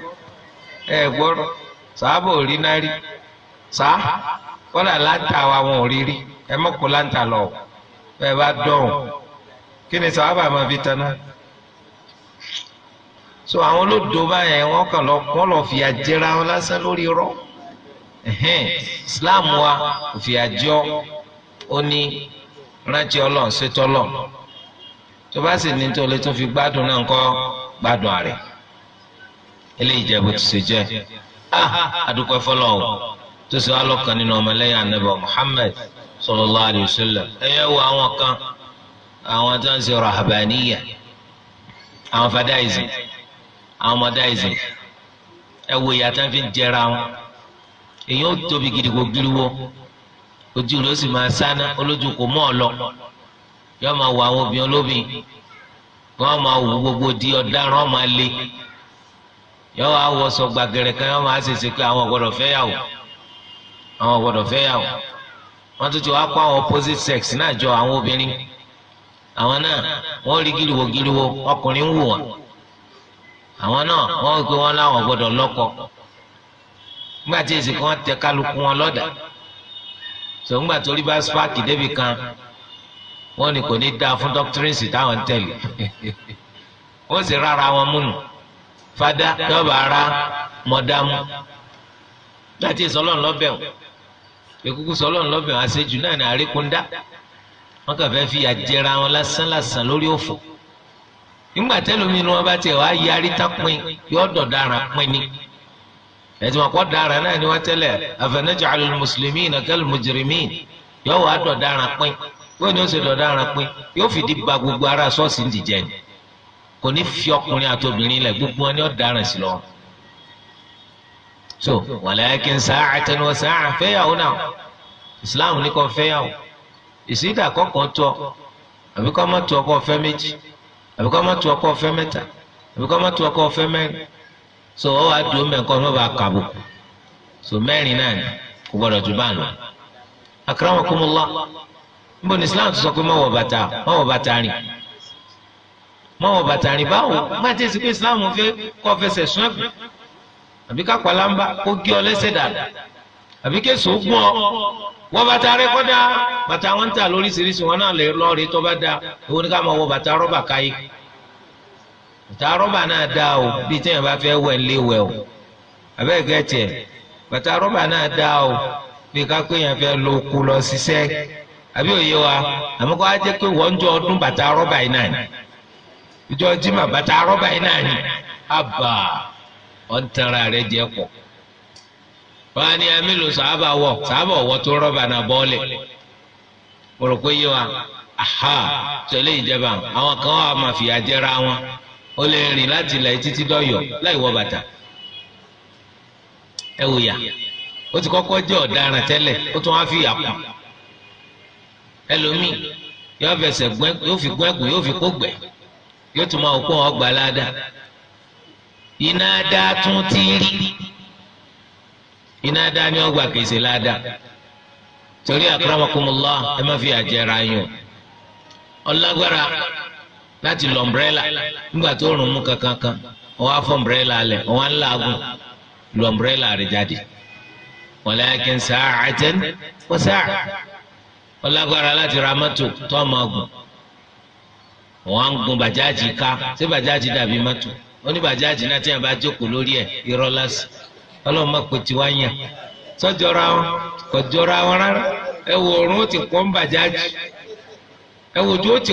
ẹ̀ gbọ́rọ̀ sàhábà ò rí náà rí sá kọ́dà láǹtà wa wọn ò rí rí ẹ má kó láǹtà lọ ẹ bá dọ̀hùn kí ni sàhábà máa fi tán so àwọn olódò báyẹn wọn kàn lọ wọn lọ fìyà jẹra wọn lásán lórí rọ Islam wa fìyà jọ ó ní rántí ọlọ́run ṣètò ọlọ́run tó bá sì ní tó lè tó fi gbádùn náà ńkọ́ gbádùn àrè eléyìí jẹ́ bó ti ṣe jẹ́ àdúpẹ́ ah, fọlọ́ o tó sì wá lọ́kàn nínú ọmọlẹ́yìn anábọ̀ Muhammad sallallahu alayhi wa sallam ẹ̀yẹ́ wo àwọn kan àwọn tó ń ṣe rahabaniya àwọn fadaism àwọn mọdaism ẹ wo ìyá tó ń jẹra wọn èyí ó tóbi gidigbo giriwo. ojú si ma sì máa sáná olójú kò mọ́ ọ lọ yóò máa wọ àwọn obìnrin olóbìn wọ́n máa gbogbo di ọ̀daràn ọmọ alẹ́ yóò wá wọ sọ gbàgẹ̀rẹ̀ kan yóò máa ṣèṣe pé àwọn gbọ́dọ̀ fẹ́ ya àwọn awọn fẹ́ fẹ wọ́n tún ti wá kó àwọn opposite sex náà jọ àwọn obìnrin àwọn náà wọ́n rí gíriwo gíriwo ọkùnrin ń wù wọ́n àwọn náà wọ́n pé wọ́n láwọn nígbà tí èsì kan tẹ kálukú wọn lọ́dàá. sọ̀ngbà torí bá spark débi kan wọ́n ní kò ní dáa fún doctrines táwọn ń tẹ̀lé wọ́n sì rárá wọn múnu fada dọ́bà ara mọ̀dámú láti sọlọ́n lọ́bẹ̀ wọn ìkúkú sọlọ́n lọ́bẹ̀ wọn àṣejù náà ní àríkúndá wọn kàn fẹ́ẹ́ fi àjẹra wọn lásán lásán lórí òfò nígbà tẹ́lómi ni wọ́n bá tiẹ̀ wá yarí tá yọ́ dọ̀dára pin ni ẹtì wọn kọ́ dara náà ni wọ́n tẹ́lẹ̀ afanaj'alu al-muslimina kal-mujrimin yóò wá dọ̀ dara pín wọ́n ni ó sì dọ̀ dara pín yóò fìdí ba gbogbo ara sọ́ọ̀sì dìjẹ́ ni kò ní fi ọkùnrin àti obìnrin lẹ̀ gbogbo wọn ni ó dara sí lọ. so walakin sa'atan wa sa'a fẹ́yàwó náà islam ní kò fẹ́yàwó ìsìdá kọ̀ọ̀kan tọ́ àbí kọ́ ọkọ̀ fẹ́ méjì àbí kọ́ ọkọ̀ fẹ́ mẹ́ta àbí kọ́ ọkọ̀ fẹ́ mẹ́rin so ọ wá dùn mẹ́ nǹkan ọmọba kàbùkù so mẹ́rin náà kò gbọ́dọ̀ jù bá lọ. níbo islam sọ pé mọ̀wọ̀ bàtà mọ̀wọ̀ bàtà rìn mọ̀wọ̀ bàtà rìn báwo má pé islam fẹ́ kọ́ fẹsẹ̀ sún ẹ̀bùn àbí ká palamba kó gé ọ lẹ́sẹ̀ dàda àbí késo gún ọ wọ bàtà rẹ kódà bàtà wọn ń tà lóríṣiríṣi wọn náà lè lọ rí bá bata rọ́bà náà dá o bí ike bá fẹ́ wẹ̀ lé wẹ̀ o àbẹ́ẹ̀gẹ́ tiẹ̀ bàtà náà dá o bí kápẹ́ yẹn fẹ́ lo kú lọ ṣiṣẹ́ àbí òye wa àmọ́ kó jẹ́ pé wọ́n jọ ọdún bàtà yìí náà ni ìjọ jimá yìí náà ni àbà tẹ̀ra rẹ̀ jẹ́ pọ̀ wọ́n á ní wọ̀ wa aha tẹ̀lé ìjẹba àwọn kan wà o lè rìn láti ilẹ̀ títí dọ́yọ̀ láì wọ bàtà ẹ wò ó ti kọ́kọ́ jẹ́ ọ̀daràn tẹ́lẹ̀ ó tún wá fi yà kù ẹlòmíì yóò fẹsẹ̀ gbẹ́ yóò fi gbẹ́ yóò fi kó gbẹ́ yóò tún máa kó ọgbà ládàá iná dá tún ti rí iná dá ní ọgbà kèsè ládàá torí láti lọ ọmbrẹ́là nígbà tó rùn mú kankan ọwọ́ afọ ọmbrẹ́là alẹ̀ ọwọ́ ńlá agùn lọ ọmbrẹ́là rẹ̀ jáde walakin sa'atan sa'a ọlágbára láti ra mọ́tò tó ọmọ wọ́n ń gun bàjáàjì ká bàjáàjì dàbí mọ́tò bàjáàjì náà tí wọ́n bá jókòó lórí ẹ̀ irọ́ lásì sọ́jọ́ra wọn kò jọra wọn rárá ẹ ó ti pọ́n bàjáàjì ẹ ojú ó ti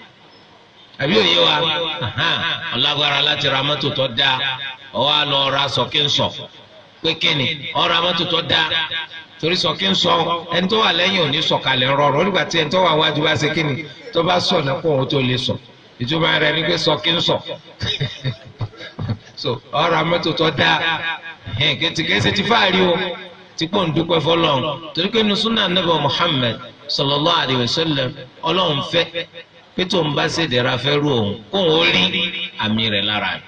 àbí òye wa ọlágbára láti ra mọ́tò tó dáa ọwọ́ àlọ́ ọ̀ra sọ̀kínsọ̀ pé kíni ọ̀ra mọ́tò tó dáa torí sọ̀kínsọ̀ ẹni tó wà lẹ́yìn òní sọ̀kalẹ̀ rọrùn nígbà tí ẹni tó wà wájú bá ṣe kíni tó bá sọ̀nà kó òun tó lè sọ̀ ìtumọ̀ rẹ̀ ni pé sọ̀kínsọ̀ so ọ̀ra mọ́tò tó dáa kẹsì ti fáàrí o ti pọ̀ ń dúpẹ́ fọlọ́run torí pé nusúnà nàbẹ̀ Muhammad sallallahu alayhi wa sallam ọlọ́run fẹ́ pé tó ń bá ṣèdẹ̀ra fẹ́rù òun kóun ó rí àmì rẹ̀ lára rẹ̀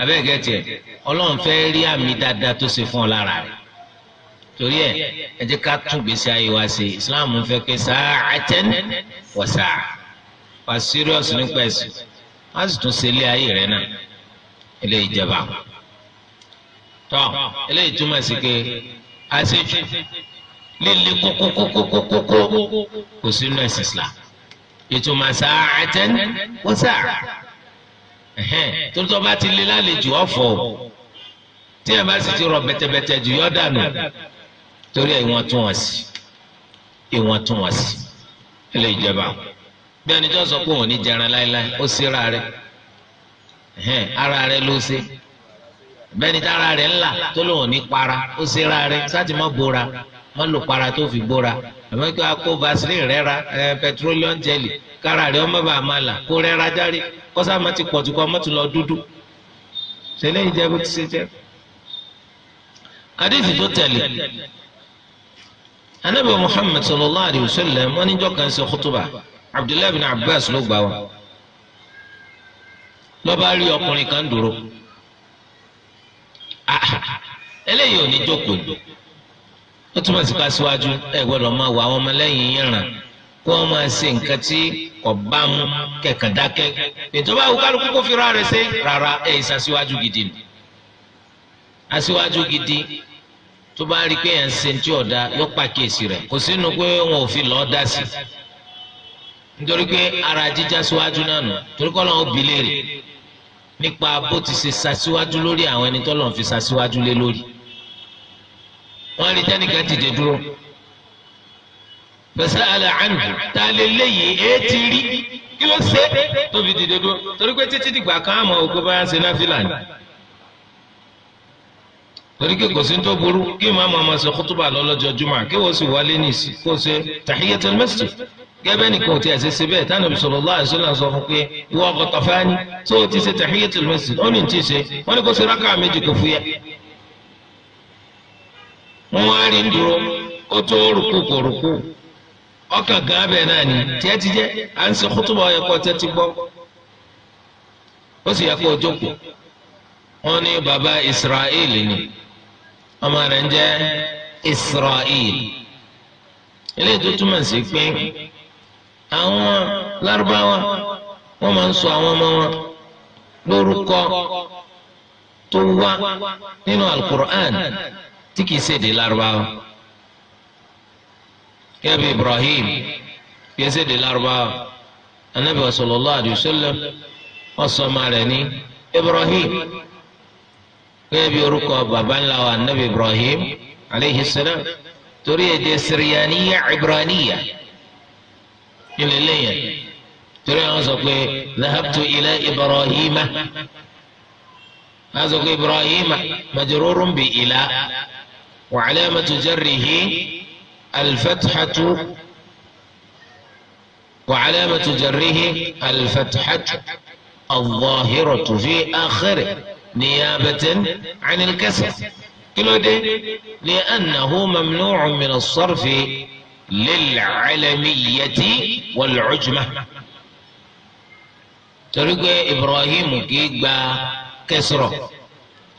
abẹ́ẹ̀gẹ́ tiẹ̀ ọlọ́run fẹ́ rí àmì dáadáa tó ṣe fún ọ lára rẹ̀ torí ẹ ẹ jẹ́ ká tún gbèsè ayé wa ṣe Islam fẹ́ pé sa'atan wa sa'a wà sírìọ́sì nípa ẹ̀sìn wá sì tún ṣe ilé ayé rẹ̀ náà ilé ìjẹba tọ́ ilé ìtumọ̀ sí pé àṣejù líle kókókókókókó kò sínú ẹ̀sìn Islam ìtumọ̀ sàátẹ́n wọ́n sà torí tó bá ti lé lálejò ọ̀fọ̀ tí ẹ̀ bá sì ti rọ bẹ́tẹ́bẹ́tẹ́ jù yọ̀ dànù torí ẹ̀ wọ́n tún wọ́n sí ìwọ̀n tún wọ́n sí ẹ lè bí ẹni sọ pé òun ní jẹran láéláé ó sí ra rẹ ara rẹ ló ṣe bẹ́ẹ̀ni tí ara rẹ ńlá tó lóun ní para ó sí ra rẹ sátìmọ́ bora má lò para tó fi gbóra àmọ́ kí a kó vaseline rẹ́ra ẹ petroleum jelly kára rẹ ọmọ bàá máa là kó rẹ́ra járe kọ́sá má ti pọ̀ jù kọ́ ọmọ tó lọ dúdú ṣẹlẹ̀ yìí jẹ́ bó ti ṣe jẹ́. àdìsí tó tẹ̀lé anabi muhammed sallallahu alayhi wa sallam wọ́n níjọ́ kan ṣe khutuba abdullahi bin abbas ló gbà wá lọ́ba rí ọkùnrin kan dúró eléyìí ò ní jókòó ó túmọ̀ sí ká ẹ gbọ́dọ̀ máa wọ àwọn ọmọlẹ́yìn yín kó wọ́n máa ṣe nǹkan tí bá kẹ̀kẹ́ dákẹ́ ìjọba fi ra ṣe rárá ẹ̀ gidi asịwaju gidi tó bá rí pé yẹn ṣe tí ọ̀dà yóò pàkíyèsí rẹ̀ kò sínú pé wọn ò fi lọ́ọ́ dá sí nítorí pé ara jíjá síwájú náà nù torí kọ́ lọ́wọ́ nípa bó ti wọ́n rí tẹ́nìkan ti dè dúró fẹsẹ̀ àlẹ́ àǹdù tá a lè léyìí èé ti rí kí ló ṣe tóbi dìde dúró torí pé títí dìgbà kan àmọ́ òkú bá ń ṣe náà fìlàní torí pé kò sí tó burú kí màá mọ̀ ọmọ sọ kútúbà lọ́lọ́jọ́ jùmọ̀ kí wọ́n sì wọlé ní ìsì kó ṣe tahiyatul masjid gẹ́gẹ́ nìkan ò ti ẹ̀ ṣe ṣe bẹ́ẹ̀ táwọn Ànábì sallallahu alaihi sọ fún pé ìwọ Ghatafani tó o ti ṣe tahiyatul masjid ó ní ti ṣe wọ́n ní kó ṣe rákà méjì kò fúyẹ́ wọn wá rí ń dúró ó tó rúkú kó rúkú ọkàn gan abẹ náà ni tiẹ ti jẹ à ń sọ kótó wọn yẹ tẹ ti gbọ ó sì yẹ kó jókòó wọn ní baba Israel ni ọmọ rẹ̀ ń jẹ́ Israel eléyìí tó túmọ̀ sí pé àwọn lárúbáwá wọn máa ń sọ àwọn ọmọ wọn lórúkọ tó wá nínú alukur'an tí kìí ṣèdè Lárúbáwá kẹbi Ibrahim kìí ṣèdè Lárúbáwá anabi sallallahu alayhi wa sallam wọ́n sọ ọmọ rẹ̀ ní Ibrahim kẹbi orúkọ baba ńlá wa anabi Ibrahim aleyhi salam torí èdè siriyaniya ibraniya ilé lẹ́yìn torí àwọn sọ pé zahabtu ila Ibrahima wọ́n sọ pé Ibrahima majrurun bi ila. وعلامة جره الفتحة وعلامة جره الفتحة الظاهرة في آخره نيابة عن الكسر لأنه ممنوع من الصرف للعلمية والعجمة ترجع إبراهيم كيكبا كسره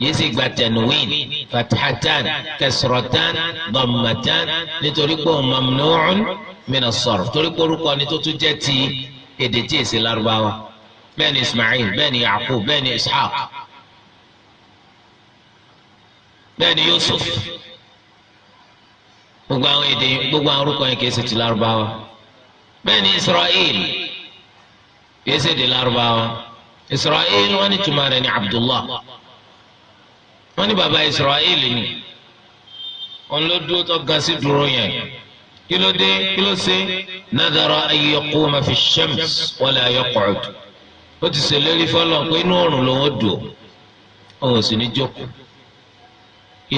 يزيغ تنوين فتحتان كسرتان ضمتان لتركه ممنوع من الصرف تركه رقاني تتجتي إدتيس الأربعة بني إسماعيل بني يعقوب بني إسحاق بني يوسف بقوان رقاني كيستي الأرباوة بين إسرائيل يزيد الأربعة إسرائيل وانتمارني عبد الله wọ́n ní bàbá Israel ni wọ́n ló dúró tó ga sí dúró yẹn kí ló dé kí ló ṣe nadara an yaquma fi shams wala yaq'ud ó ti ṣèlérí fọlọ́ pé inú oòrùn lòun ó dùn òun sì ní jókòó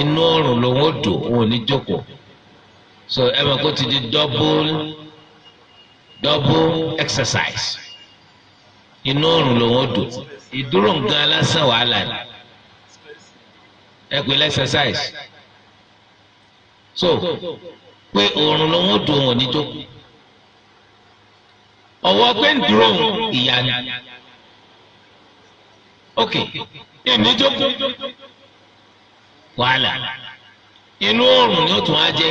inú oòrùn lòun ó dùn òun ní jókòó so ẹ mọ̀ kó ti di double double exercise inú oòrùn lòun ó dùn ìdúró nǹkan alásán wàhálà ni ẹ pè so pé oorun ló ń dùn òní tó ọwọ́ pé ń dúró ìyá ni ok ìníjókòó wàhálà inú oorun ni ó tún á jẹ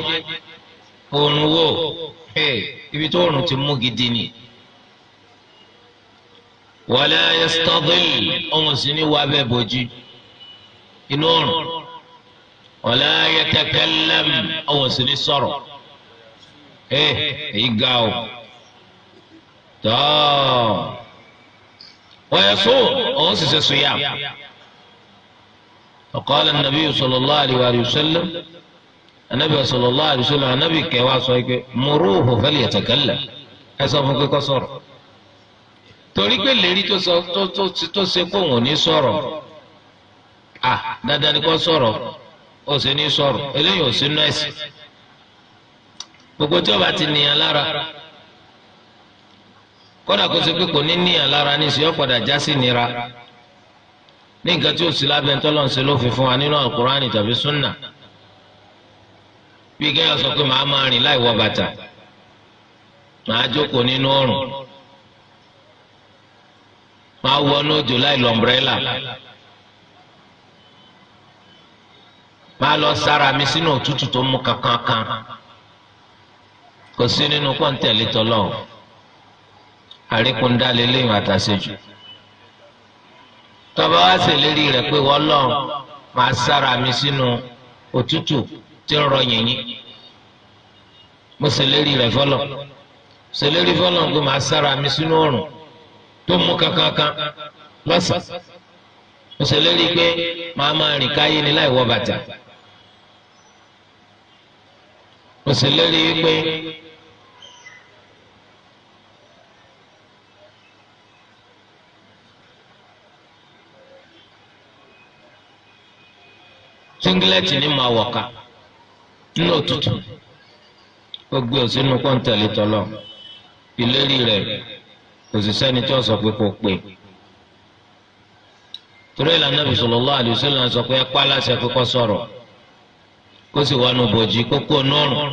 oorun wo ibi tó oorun ti mú gidi ni wala yastadil ọmọ sí ni wàá bẹ bójú inú ọ̀rùn ọ̀la yatakallam àwọn sì ní sọ̀rọ̀ ẹ èyí ga o tọ́ wọ́yẹ sọ òun sì ṣe sùyà ọ̀kọ́lẹ̀ nàbí sallallahu alayhi wa sallam anabi sallallahu alayhi wa sallam anabi kẹwàá sọ pé muruhu faliyatakallam ẹ sọ fún kíkọ́ sọ̀rọ̀ torí pé lérí tó ṣe kóhùn ní sọ̀rọ̀. Ah, dandan ni kò sọ̀rọ̀ ó sì ní sọ̀rọ̀ eléyìí ò sí nọ́ọ̀sì gbogbo tí ó bá ti nìyàn lára kódà kó ṣe pé kò ní níyàn lára ní ìṣe ọ̀padà já nira ní nǹkan tí ó sì lábẹ́ ńtọ́lọ́ ń ṣe ló fi fún wa nínú alukurani tàbí sunna bí kéèyàn sọ pé màá máa rìn láì wọ bàtà màá jókòó nínú ọrùn màá wọnú òjò láì lọ ọmbrẹ́là. máa lọ sára mi sínú òtútù tó mú kankankan kò sí nínú kọ́ńtẹ̀lẹ́ tọ́lọ́ àríkúndá lélẹ́yìn àtàṣejù tọ́ba wá ṣèlérí rẹ̀ pé wọ́n lọ máa sára mi sínú òtútù tí ń rọ yìnyín mo ṣèlérí rẹ̀ fọlọ́ ṣèlérí fọlọ́ pé máa sára mi sínú òrùn tó mú kankankan lọ́sàn-án mo ṣèlérí pé màá máa rìn káyé ni láì wọ bàtà. mo sì lérí pé singilẹ́tì ni màá wọ̀ka nínú òtútù ó gbé òsínú kọ́ńtẹ̀lì tọ́lọ̀ ìlérí rẹ̀ òṣìṣẹ́ ni tí wọ́n sọ pé kò pè torí ìlànà Ànábì kó sì wọnú bòjì kó kú ọ̀nọ́rùn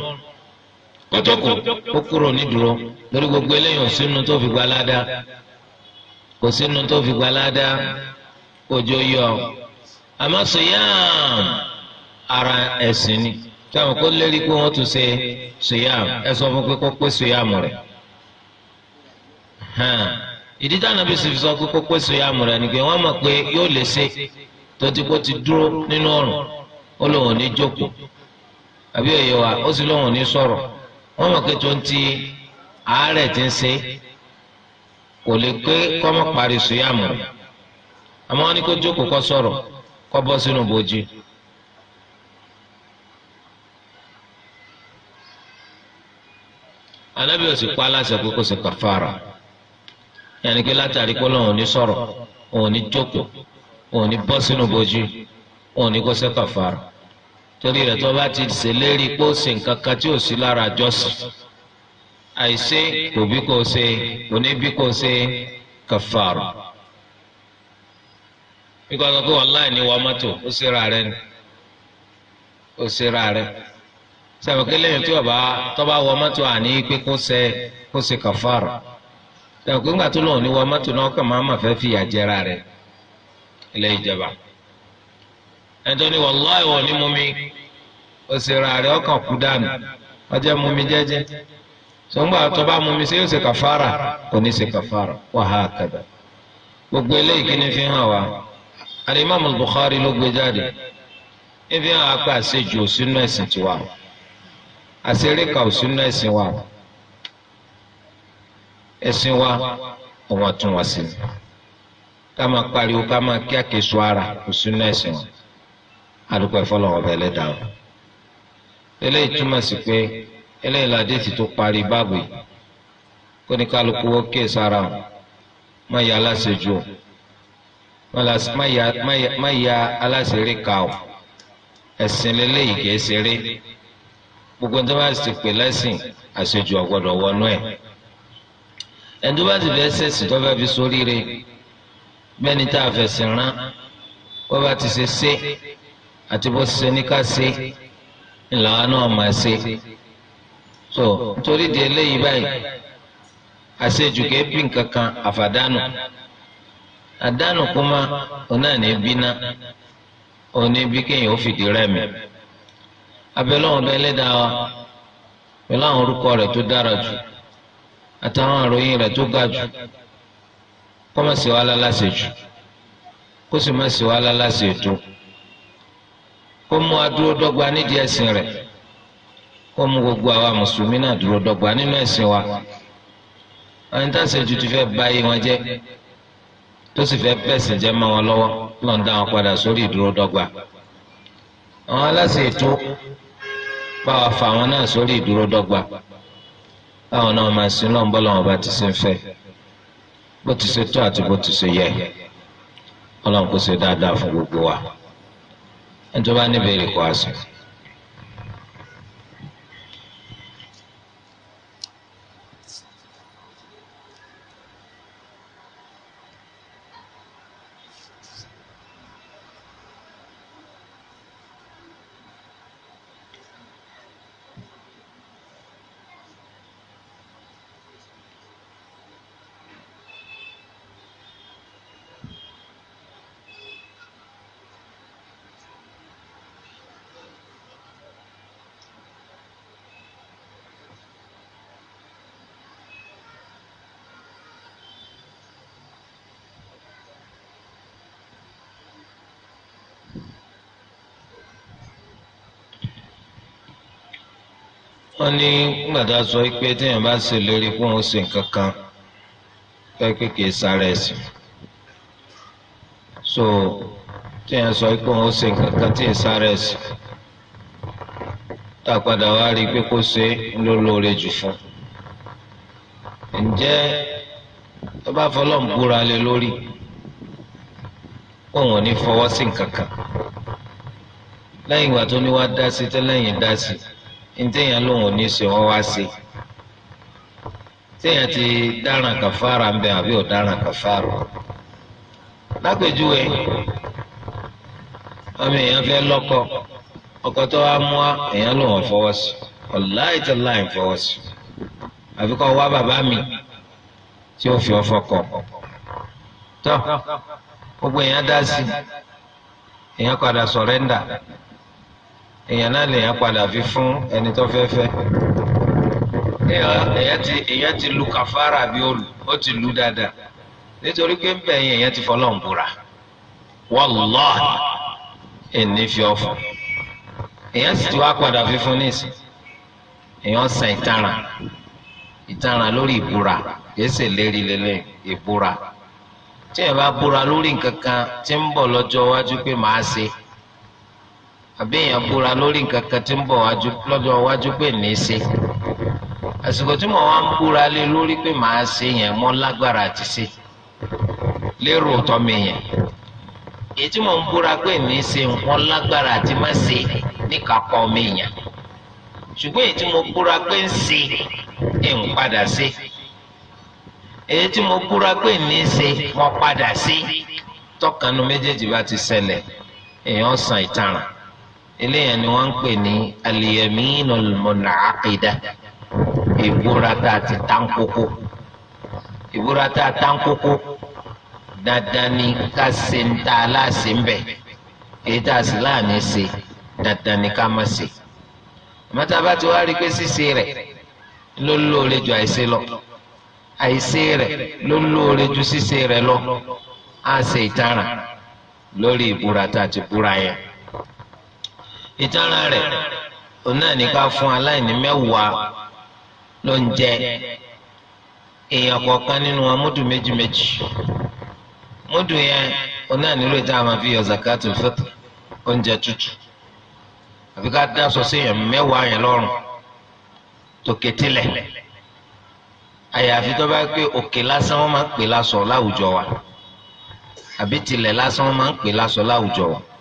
kótókù kó kúrò nídùúró lórí gbogbo eléyìí ò sínú tó fi gba ládàá kò sínú tó fi gba ládàá òjò yọ àmọ́ sòyàm ara ẹ̀sìn ni táwọn kó lérí pé wọ́n tún ṣe sòyàm ẹ sọ fún pé kó pé sòyàm rẹ̀ ìdí táwọn bí sì fi sọ pé kó pé sòyàm rẹ̀ ni wọ́n mọ̀ pé yóò lè ṣe tó ti kó ti dúró nínú ọ̀rùn. ó lóun ní jókòó àbí òye wa ó sì ní sọ̀rọ̀ wọ́n mọ̀ pé ń ti àárẹ̀ ti ń ṣe kò lè pé kọ́mọ parí sùyàmù àmọ́ wọn ní kó jókòó sọ̀rọ̀ kó bọ́ sínú bòjì. anabi òun ní kó ṣe kàfàrà torí rẹ̀ tó bá ti ṣèlérí pé ó sì nǹkan kan tí ò sí lára àjọsìn àìsí kò bí kò ṣe kò ní bí kò ṣe kàfàrà. nígbà tó kó wàláì ní wa mọ́tò ó ṣe ra rẹ ni ó ṣe ra rẹ sẹ́wọ̀n kí lẹ́yìn tí ọba tó bá wọ mọ́tò àní pé kó ṣe kó ṣe kàfàrà sẹ́wọ̀n kí ńgbà tó lọ́wọ́ ní wa mọ́tò náà kàn máa ma fẹ́ fìyà jẹra rẹ ilé ìjọba nítorí wàláì wọ̀ ní mumi òsèrè àrẹ ọkàn kú dànù ọjọ́ mumi jẹ́jẹ́ sọgbà tó bá mumi ṣé yóò ṣe kàfàrà kò ní ṣe kàfàrà wà á kàdà gbogbo eléyìí kí ni fi hàn wá alimami Bukhari ló gbé jáde ife hàn apẹ àṣejù òsínú ẹ̀sìn tiwa àṣeríkà òsínú ẹ̀sìn wa ẹ̀sìn wa ọwọ́ tún ká máa pariwo ká máa kí àkesọ ara òsínú ẹ̀sìn wa adúpọ ìfọlọwọn bẹẹ lẹdá o eléyìí túmọ̀ sí pé eléyìí la déètì tó parí báàbò yìí kó ní kálukú wọ́n ké sára o má ya aláṣejù o má ya aláṣeré ka o ẹ̀sìn lélẹ́yìí kìí ṣeré gbogbo tó bá sì pè lẹ́sìn àṣejù ọ̀gbọ́dọ̀ wọnú ẹ̀ ẹni bá sì fẹ́ sẹ̀sì tó fi sóríire bẹ́ẹ̀ ni tá a fẹ̀sìn rán wọ́n bá ti ṣe ṣe àti bó ṣe ní ká ṣe ìlànà náà máa ṣe so nítorí di eléyìí báyìí àṣejù kìí bí nǹkan kan àfàdánù àdánù kúmá ọ̀nà ní bínà òní bí kéèyàn ó fìdí rẹmi abẹ́lọ́wọ́n bẹ́ẹ̀ lẹ́dàá wa pẹ̀lú àwọn orúkọ rẹ̀ tó dára jù àtàwọn àròyìn rẹ̀ tó ga jù kó má sì wá lálásè kó sì má sì wá lálásè kó mú adúró dọ́gba nídìí ẹ̀sìn rẹ̀ kó mú gbogbo àwa mùsùlùmí náà dúró dọ́gba nínú ẹ̀sìn wa ẹni tá ṣe ju ti fẹ́ bà yìí wọn jẹ́ tó sì fẹ́ bẹ̀sìn jẹ́ mọ́ wọn lọ́wọ́ lọ́n ń dá wọn padà sórí ìdúró dọ́gba àwọn aláṣẹ ètò bá wa fà wọn náà sórí ìdúró dọ́gba báwọn náà máa sin lọ́n bọ́ lọ́wọ́ bá ti ṣe fẹ́ bó ti ṣe tó àti bó ti ṣe yẹ ọlọ́run kó ṣe dáadáa fún gbogbo wa. and tó any very béèrè wọ́n ní gbàdá sọ pé téèyàn bá ṣe lérí fún òun kankan nǹkan kan pé kéèké sára ẹ̀sìn téèyàn sọ pé òun kankan tí ì sára ẹ̀sìn a padà wá rí i pé jù fún un ǹjẹ́ tó bá fọlọ́ ń búra lé lórí òun ò ní fọwọ́ sí lẹ́yìn ìgbà ntẹ̀yàn lòun ò ní ṣe wọ́n wá sí tẹ̀yàn ti dáràn kàfàrà ń bẹ dara kafara kàfàrà lápèjúwe ọmọ èèyàn fẹ́ lọ́kọ ọkọ tó wá mú wa èèyàn lòun ò fọwọ́ sí ọ̀láì tó láì fọwọ́ sí àfi kọ́ wá bàbá mi tí ó fi ọfọ tọ́ gbogbo èèyàn dá sí èèyàn padà èèyàn náà lèèyàn padà fi fún ẹni tó fẹ́ ti lu kàfàrà bí olù ó ti lu dáadáa nítorí pé ń bẹ̀yìn èèyàn ti fọlọ́n búra wọ́lọ́ọ̀nì ẹni fi ọ̀fọ̀ èèyàn sì ti wá padà fi fún nísìn èèyàn san ìtaràn ìtaràn lórí lérí tí èèyàn bá lórí nǹkan kan tí ń bọ̀ lọ́jọ́ àbí èèyàn búra lórí nǹkan kan tí ń bọ̀ lọ́dọ̀ ise. pé ní í ṣe àsìkò tí mo wá ń búra lé lórí pé màá ṣe yẹn mọ́ lágbára àti ṣe lérò tọ́mi yẹn èyí tí mo ń búra pé ní í ṣe lágbára àti má ṣe níkàkọ́ mi yẹn ṣùgbọ́n èyí tí mo búra pé ń ṣe ẹ̀ ti ṣẹlẹ̀ èèyàn ìtaràn. eléyàn ni wọ́n ń pè ní al-yaminul mun'aqida ìbúra tá a ti tán kókó ìbúra tá a tán kókó dandan ni ká ṣe ń ta aláṣẹ ń bẹ̀ èyí tá a sì láàánú ṣe dandan ni ká má ṣe mọ́tàbá tí wàá rí pé ṣíṣe rẹ̀ ló lóore ju àìṣe lọ àìṣe rẹ̀ ló lóore ju ṣíṣe rẹ̀ lọ á ṣe ìtaràn lórí ìbúra tá búra yẹn. ìtanràn rẹ̀ òun náà fún aláìní mẹ́wàá ló ń jẹ èèyàn kọ̀ọ̀kan nínú wọn múdù múdù yẹn òun náà nílò ìta àwọn fi yọ zakatul oúnjẹ tútù àfi ká dá sí èèyàn mẹ́wàá yẹn lọ́rùn tòkè àyàfi tó bá pé òkè lásán wọn máa ń pè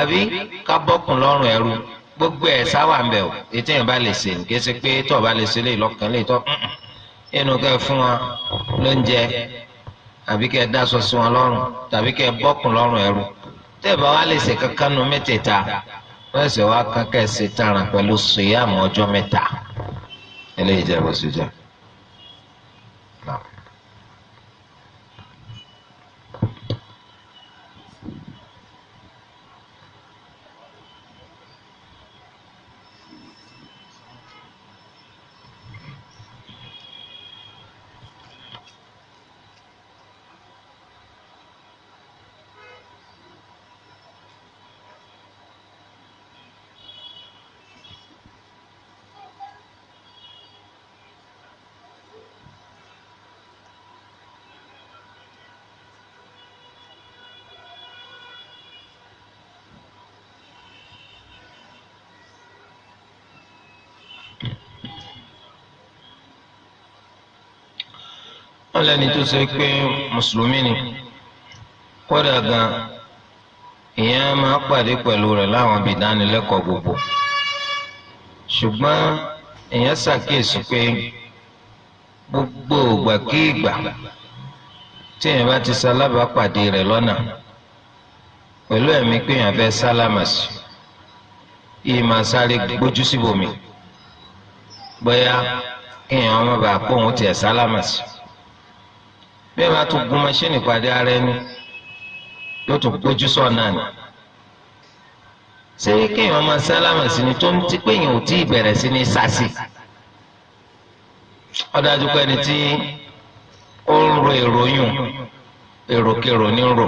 àbí ká bọ́kùn lọ́rùn ẹrú gbogbo ẹ̀ sáwà ń bẹ̀ o ètò yẹn bá lè ṣe ní kí ẹ ṣe pé tó bá lè ṣe lè lọ́kàn lè tọ́ inú kẹ́ fún wọn lóúnjẹ àbí kẹ́ dáṣọ sí wọn lọ́rùn tàbí kẹ́ bọ́kùn lọ́rùn ẹrú tẹ́ bá wá lè ṣe kankan nu mẹ́tẹ̀ẹ̀ta wọ́n ṣe wá kankan ṣe tààràn pẹ̀lú sùyàmù ọjọ́ mẹ́ta eléyìí jẹ́ bó ṣe jẹ́. ọlọ́run lẹ́ni tó ṣe pé mùsùlùmí ni kódà gan ìyẹn máa pàdé pẹ̀lú rẹ̀ láwọn ibi ìdánilẹ́kọ̀ọ́ gbogbo ṣùgbọ́n ìyẹn ṣàkíyèsí pé gbogbo ògbàkígbà tí èèyàn bá ti ṣalábàápàdé rẹ̀ lọ́nà pẹ̀lú ẹ̀mí pé èèyàn fẹ́ sálámà yìí máa sáré gbójú síbòmí bóyá kéèyàn má bàa pọ̀ òun tiẹ̀ sálámà bẹ́ẹ̀ máa tún gun mọ́ṣíìnì pàdé ara ẹni yóò tún gbójú sọ̀nà ni. ṣé kéèyàn máa sálámà sí ni tó ń ti pé èèyàn ò tí ì bẹ̀rẹ̀ sí ni sàṣì. pé ẹni tí ó ń ro èrò yùn èròkèrò ní rò.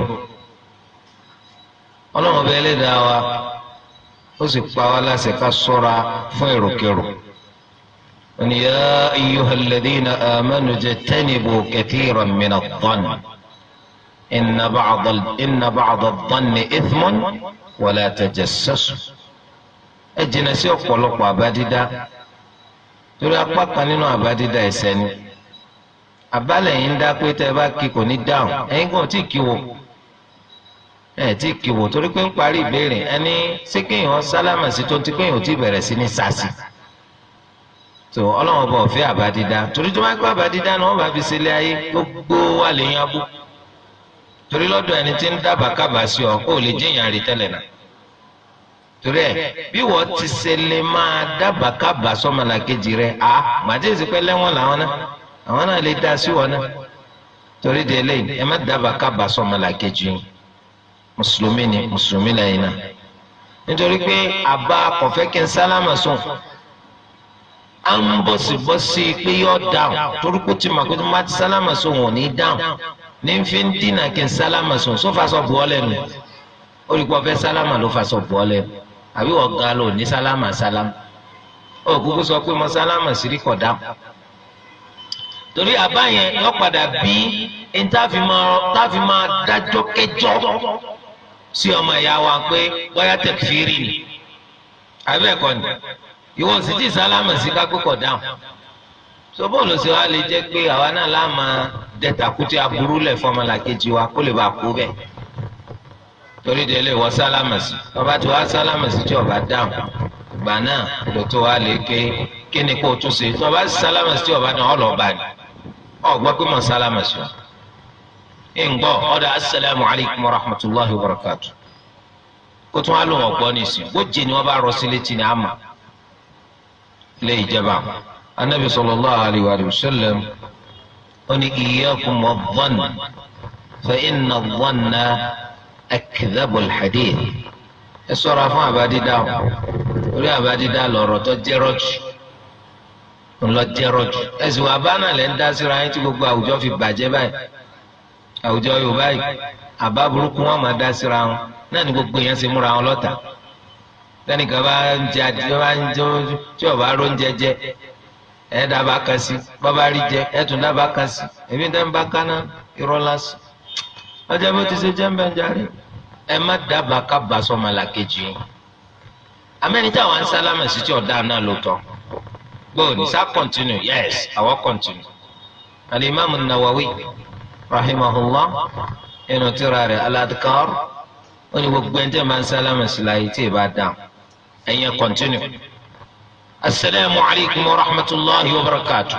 ọlọ́run bẹ́ẹ̀ wa ó sì pa wá láṣẹ ká fún أن يا أيها الذين آمنوا اجتنبوا كثيرا من الظن إن بعض إن بعض الظن إثم ولا تجسسوا ẹjìnà sí ọ̀pọ̀lọpọ̀ àbá dídá torí apá kan nínú àbá dídá ẹ̀ṣẹ̀ ni àbálẹ̀ yìí ń dá pé tẹ́ ẹ bá kí kò ní dáhùn ẹ̀yin kan tí kì wò ẹ̀ tí kì wò torí pé ń parí ìbéèrè ẹni ṣé kéèyàn sálámà sí tó ti kéèyàn ò tí bẹ̀rẹ̀ sí ní sásì so ọlọ́run ọba ọ̀fẹ́ àbádídá torí tó máa gbọ́ àbádídá ni wọ́n bá fi sílé ayé gbogbo wa lè yan abú torí lọ́dọ̀ ẹni tí ń dábàá kábà sí ọ kó o lè jẹ́yàn rí náà torí ẹ bí wọ́n ti ṣe lè máa dábàá kábà sọ́mọlàkejì rẹ a màdéèsì pẹ́ lẹ́wọ̀n làwọn náà àwọn náà lè dá sí wọn náà torí de eléyìí ẹ má dábàá kábà sọ́mọlàkejì mùsùlùmí ni mùsùlùmí lẹ́yìn náà nítorí pé àbá kọ̀fẹ́ kí n sálámà sùn à ń bọ̀sibọ́sí pé yọ dáhùn torí kò tí màkó tó má ti sálámà sóhun ò ní dáhùn ní fi ń dínà kí n sálámà sóhun sófà sọ bọ́ lẹ́nu ó rí pé ọfẹ́ sálámà ló fà sọ bọ́ lẹ́nu àbí wọ́n ga lò ní sálámà sálámà ó kúkú sọ pé mo sálámà sí rí kọ̀ dáhùn torí àbá yẹn yọ padà bí n táfi máa dájọ́ kẹjọ́ sí ọmọ ìyá wa pé wáyà tẹ̀kfírì ni àbẹ́ẹ̀kọ́ ni ìwọ sì ti sálámà sí kápẹ́ kọ̀ dáhùn so bọ́ọ̀lù sí wa lè jẹ́ pé àwa náà láàmà dẹ̀tàkútì aburú lẹ̀ fọmọlàkejì wa kó lè bá kú bẹ́ẹ̀ torí délé wọ sálámà sí ọba tí wàá sálámà sí tí ọba dáhùn ìgbà náà lò tó wa lè ké kí ni kó o tún ṣe tí ọba sí tí ọba náà ọlọ́ ọba ni ọgbọ́ pé mọ̀ sálámà sí wa ǹgbọ́ ọ̀dà asalaamu alaykum wa rahmatulahi wa barakatu kó tún wá lò wọ́n gbọ́ nísìnyí bó jẹ́ ni wọ́n bá rọ sí létí ni a lè jẹba anabi sallallahu alayhi wa sallam ó ní iyyakum wadh-dhann fa inna adh-dhanna akdhabu al-hadith ẹ ṣọ́ra fún àbádídá orí àbádídá lọ̀rọ̀ tó jẹ́rọ̀jù ńlọ jẹ́rọ̀jù ẹ̀sìn wà bá náà lẹ́ ń dá síra yín tí gbogbo àwùjọ fi bàjẹ́ báyìí àwùjọ Yorùbá yìí àbá burúkú wọn máa dá síra wọn náà ni gbogbo yẹn ṣe múra wọn lọ́tà tẹnìkan bá ń jẹ àdìgbò bá ń jẹ tí ọba ń ẹ dábàá kan sí rí jẹ ẹ tún dábàá kan sí èmi dẹ́n bá kaná irọ́ lásán ọjọ́ bó ti ṣe jẹ́ ń bẹ́ ń jarí ẹ má dábàá ká sọmọ làkejì o amẹ́ni tí àwọn sálámà sí tí ọ̀dà náà ló tọ́ continue yes àwọn continue alimami nawawi rahimahullah inú tírà rẹ̀ al ó ní gbogbo ẹni tí ẹ máa ń sálámà sí láyé tí ì bá ẹ̀yin kọ́ntínú. asalaamu alaykum wa rahmatulahi wa barakatu.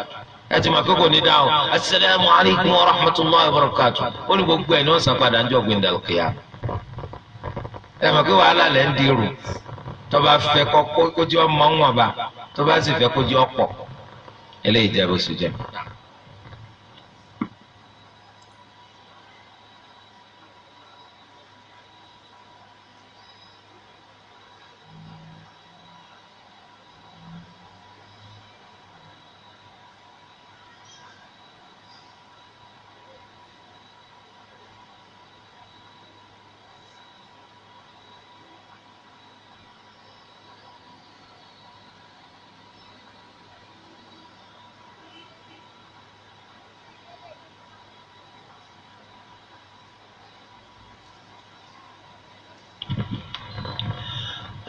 ẹ ti ma pé kò ní dáhùn asalaamu alaykum wa rahmatulahi wa barakatu. ó ní gbogbo ẹ̀ ní san padà ń jọ gbìndà òkèèyà. ẹ ma pé wàhálà lẹ́ ń dirù tọ́ba fẹ́ kó kó jẹ́ ọmọ wọn bá tọ́ba sì fẹ́ kó jẹ́ ọ̀pọ̀ eléyìí jẹ́ bó ṣe mi.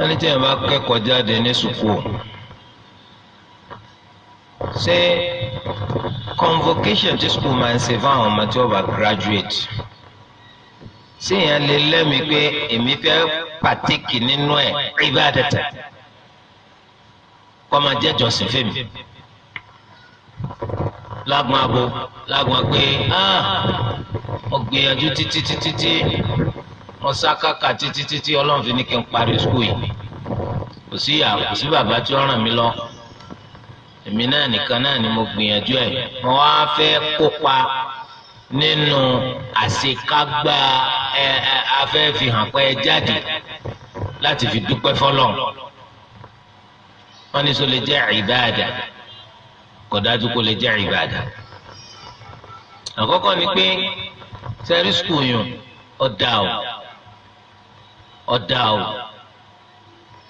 wọ́n ní tíyẹn bá kẹ́kọ̀ọ́ jáde ní sùkúù ṣé convocation tí sùkúù máa ń ṣe fáwọn ọmọ tí wọ́n bá graduate síyẹn lè lẹ́mi pé èmi fẹ́ pàtíkì nínú ẹ̀ ìbádàtà kọ́ máa jẹ́ jọ̀sìn fèmí lágbọn abo lágbọn pé ah, mo gbìyànjú títí títí tí mo sá kákà títí títí ọlọ́run fi ní kí n parí skul yìí kò sí ìyá kò sí bàbá tí ó ràn mí lọ èmi náà nìkan náà ni mo gbìyànjú ẹ̀ mo wá fẹ́ kópa nínú àṣekágbá ẹ ẹ afẹ́fihàn pé ẹ jáde láti fi dúpẹ́ fọlọ́n wọ́n ní sọ lè jẹ́ ìbáàdà kò dájú kó lè jẹ́ ìbáàdà àkọ́kọ́ ni pé sẹ́rí skul yùn ọ̀dà ọ̀ ọ̀dà ọ̀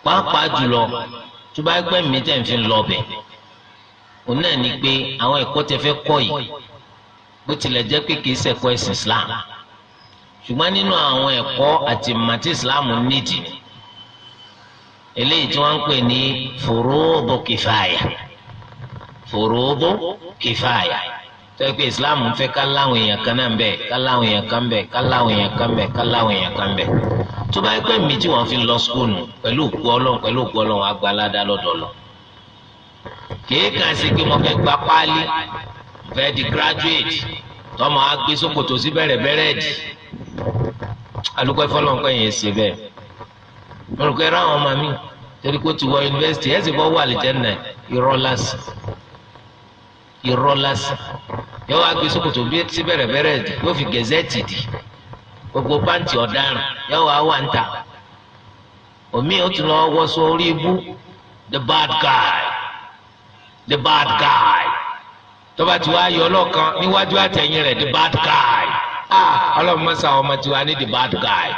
pàápàá jùlọ tó bá gbẹ́ mi tẹ̀ ń fi lọ bẹ̀ òun náà ni pé àwọn ẹ̀kọ́ tẹ fẹ́ kọ́ yìí bó tilẹ̀ jẹ́ pé kìí ṣẹ̀kọ́ ẹ̀sìn Islam ṣùgbọ́n nínú àwọn ẹ̀kọ́ àti màtí Islam nídìí eléyìí tí wọ́n ń pè ní fòròbó kìfàyà fòròbó kìfàyà tẹ́ pé Islam fẹ́ ká láwọn èèyàn kan náà bẹ̀ ká láwọn èèyàn kan bẹ̀ ká láwọn èèyàn kan bẹ̀ ká láwọn èèyàn kan bẹ̀ tó bá yẹ pé mi tí wọ́n fi lọ skóònù pẹ̀lú òkú ọlọ́run pẹ̀lú òkú ọlọ́run agbálada lọ́dọ̀ lọ kìí kàn sí pé mo fẹ́ gba páálí fẹ́ graduate tọmọ agbé sókòtò sí bẹ̀rẹ̀ bẹ̀rẹ̀ dì alùpùpù ẹ̀fọ́lọ́run pé yẹn ṣe bẹ́ẹ̀ mo rò pé ráwọn ọmọ mi torí kó ti wọ yunifásitì ẹ̀ sì bọ́ wà lìjẹ́nà irọ́ lásì irọ́ lásì yọ wá gbé sókòtò sí bẹ̀rẹ̀ bẹ̀rẹ̀ yóò fi gẹ̀zẹ́tì dì gbogbo pàǹtì ọ̀daràn yóò wá wà ń ta omi ó ti lọ wọṣọ orí ibú the bad guy the bad guy tó bá ti wá yọ ọlọ́kan níwájú àtẹ̀yìn rẹ̀ the bad guy ah ọlọ́mọṣà ọmọ tiwa ní the bad guy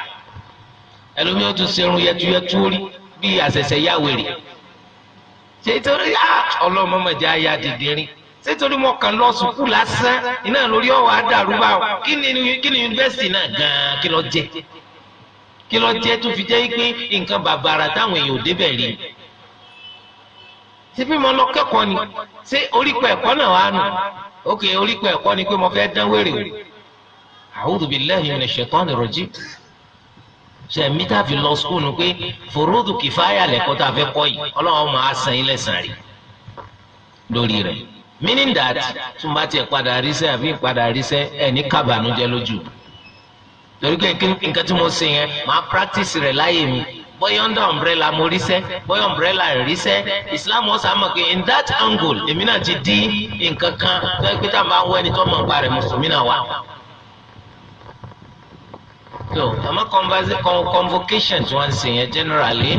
ẹlòmí ó tún serun yẹtúyẹtú rí bí àṣẹ̀ṣẹ̀ yáwèrè ṣètò rí ah ọlọ́mọmọdé ayá dìde rí nítorí mo kàn lọ lásán iná lórí ọwọ́ àdàrúbà o kí ni yunifásitì náà gan kí lọ jẹ kí tó fi jẹ́ pé nǹkan bàbàrà táwọn èèyàn ò rí ṣé bí mo lọ ni ṣé orípa náà wà nù ok orípa ni pé mo dán o ṣe mí tá a fi lọ pé kìfáyà tá a yìí máa san sàn rí lórí meaning that tún bá tiẹ̀ padà ríṣẹ́ àbí padà ríṣẹ́ ẹ̀ ní kábàánújẹ́ lójú torí pé nǹkan tí mo ṣe yẹn máa practice rẹ̀ láyè mi bóyá under umbrella mo ríṣẹ́ bóyá umbrella ríṣẹ́ Islam wọn sá mọ̀ pé in that angle èmi náà ti di nǹkan kan tó ẹ pé tá à ń bá wọ ẹni tó mọ̀ nípa rẹ̀ mùsùlùmí náà wà. so àmọ́ convocation tí wọ́n ń ṣe yẹn generally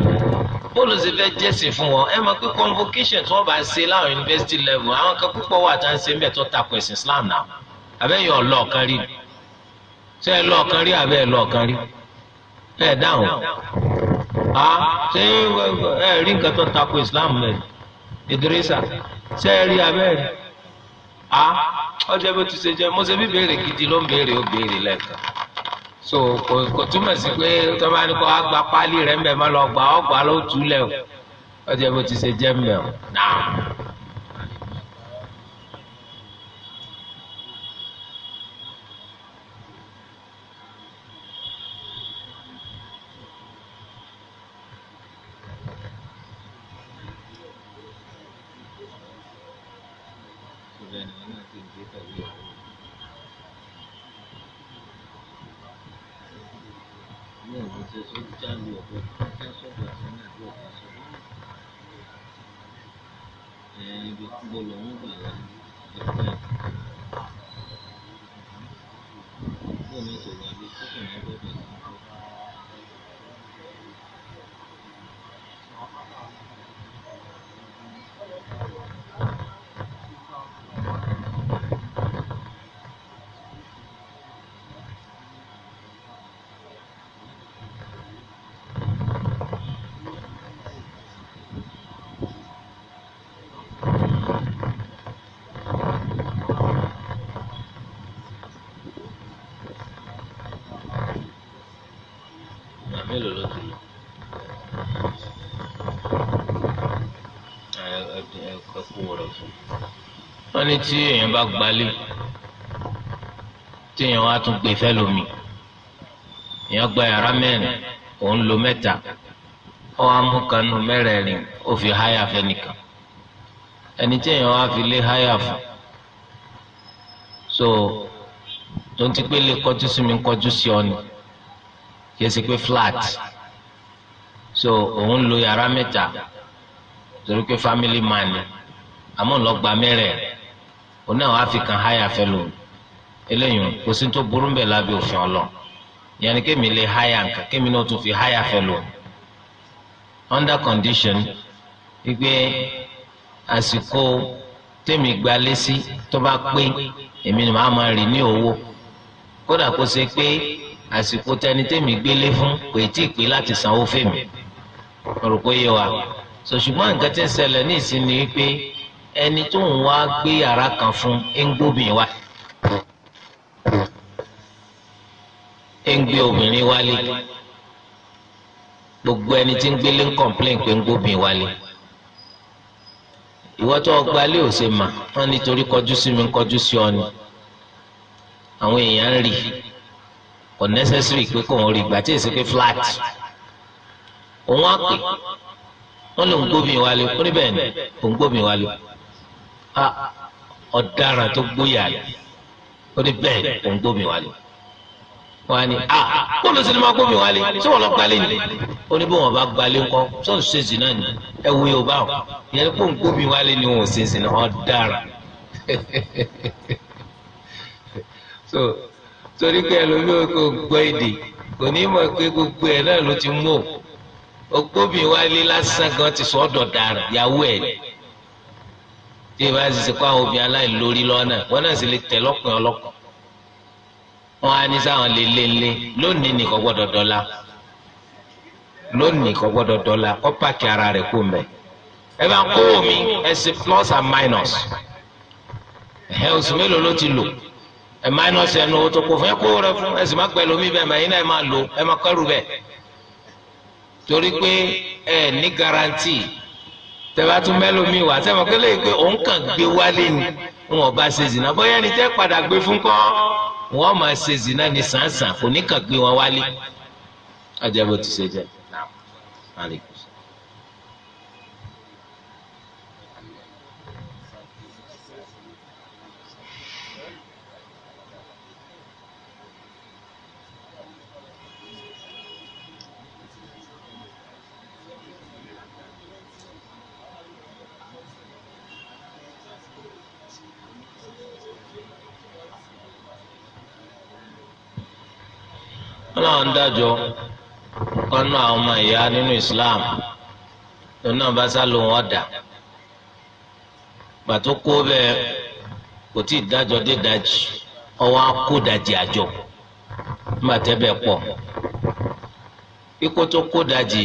bóòlù sì fẹ́ jẹ́sìn fún wọn ẹ mọ̀ pé convocation tí wọ́n bá ṣe láwọn university level àwọn kan púpọ̀ wà tá à ń ṣe ń tó takò ẹ̀sìn Islam náà àbẹ́yẹ ọlọ́ọ̀kan rí ṣé ẹ lọ́ọ̀kan rí àbẹ́ ẹ lọ́ọ̀kan rí ẹ dáhùn a ṣé ẹ rí nǹkan tó takò Islam rẹ Idrisa ṣé ẹ rí àbẹ́ ẹ a ọjọ́ bó ti ṣe jẹ́ mo ṣe bí béèrè gidi ló ń béèrè ó béèrè lẹ́ẹ̀kan so kò kò túmọ̀ sí pé tọ́ba ní kó wá gba páálí rẹ̀ ń bẹ̀ mọ́ lọ gbà ọ́ gbà ló tú lẹ̀ o ọjọ́ bó ti ṣe jẹ́ ń bẹ̀ o ní tí èèyàn bá gbalé tí èèyàn wá tún gbé fẹ́ lómi èèyàn gba yàrá mẹ́rin òun lo mẹ́ta ó wá mú kanú mẹ́rẹ̀ẹ̀rin ó fi háyà fẹ́nìkan ẹni tí èèyàn wá fi lé háyà fún so tó ń ti pé lè kọjú sí mi kọjú sí ọ ni kì í ṣe pé flat so òun lo yàrá mẹ́ta torí pé family man ni àmọ́ ń lọ gba mẹ́rẹ̀ẹ̀rin òun náà wàá fi kàn háyà fẹ́ lò eléyìí kò sí tó burú bẹ̀ lábẹ́ òfin ọlọ yẹnni kémi lè háyà nǹkan kémi náà tún fi háyà fẹ́ lò under condition wípé àsìkò tèmi gba lésì tó bá pé èmi ni màá máa rì ní owó kódà kó ṣe pé àsìkò tẹni tèmi gbélé fún kò tí ì pé láti sanwó fèmí mo rò wa sòṣùgbọ́n nǹkan tí ń ṣẹlẹ̀ ní ìsinmi wípé. ẹni tó ń wá gbé yàrá kan fún ń gbóbìn wá obìnrin wálé gbogbo ẹni tí ń gbélé ń kọ̀m̀plẹ̀ǹ pé ń gbóbìn wálé ìwọ tó ọgbà lé ò mà kọjú sí mi kọjú sí ọ ni àwọn èèyàn ń rí kò pé kò ń rí ìgbà tí èsì pé flat òun á pè a ọ̀daràn tó gbóyà rẹ̀ ó ní bẹ́ẹ̀ kò ń gbómi wá lé wọ́n á ní a kó ló sì ní máa gbómi wá lé tí wọ́n lọ gbalé ni o ní bí wọ́n bá gbalé ńkọ́ tó ń ṣe zina ni ẹ wo yorùbá o ìyẹn kó ń gbómi wá lé ni wọ́n ṣe zina ọ̀daràn (laughs) so torí pé ẹlòmíì ò kò gbọ́ èdè kò ní mọ̀ pé gbogbo ẹ̀ náà ló ti mú o ògbómi wá lé lásán gan ti sọ ọ́ dọ̀ dára ìyàwó ẹ̀ ni tí ìbá sì ṣe kó àwọn obìnrin aláìlórí lọ́nà wọn náà sì lè tẹ̀ lọ́kùnrin ọlọ́kùn wọn á ní sáwọn lè lé lé lónìí nìkan gbọ́dọ̀ dọ́là lónìí kọ́ gbọ́dọ̀ dọ́là kọ́ pààkì ara rẹ̀ kó mẹ́. ẹ bá ń kó omi ẹ plus and minus ẹ oṣù mélòó ló ti lò ẹ minus ẹnu owó tó kó fún ẹ kó rẹ fún ẹ sì má pẹ̀lú omi bẹ́ẹ̀ mẹ́yìn náà ẹ máa lò ẹ máa kẹ́rù bẹ́ẹ̀. torí pé ẹ ní garanti tẹ́wá tún mẹ́lòmíì wá sẹ́wọ̀n kí lè pé òun kàn gbé wálé ni wọn ò bá ṣe zìnà bóyá ẹni tẹ́ padà gbé fún kọ́ wọn máa ṣe zìnà ní sàǹsàn kò ní kàn gbé wọn wálé. ajá ti ṣe jẹ́ náà. náà ń dájọ́ ọ̀kan àwọn ọmọ ìyá nínú Islam lòun náà bá sá lòun ọ̀dà pàtó kó bẹ́ẹ̀ kò tí ì dájọ́ dé dájì ọwọ́ akódàjì àjọ nígbà pọ̀ ikú tó kódàjì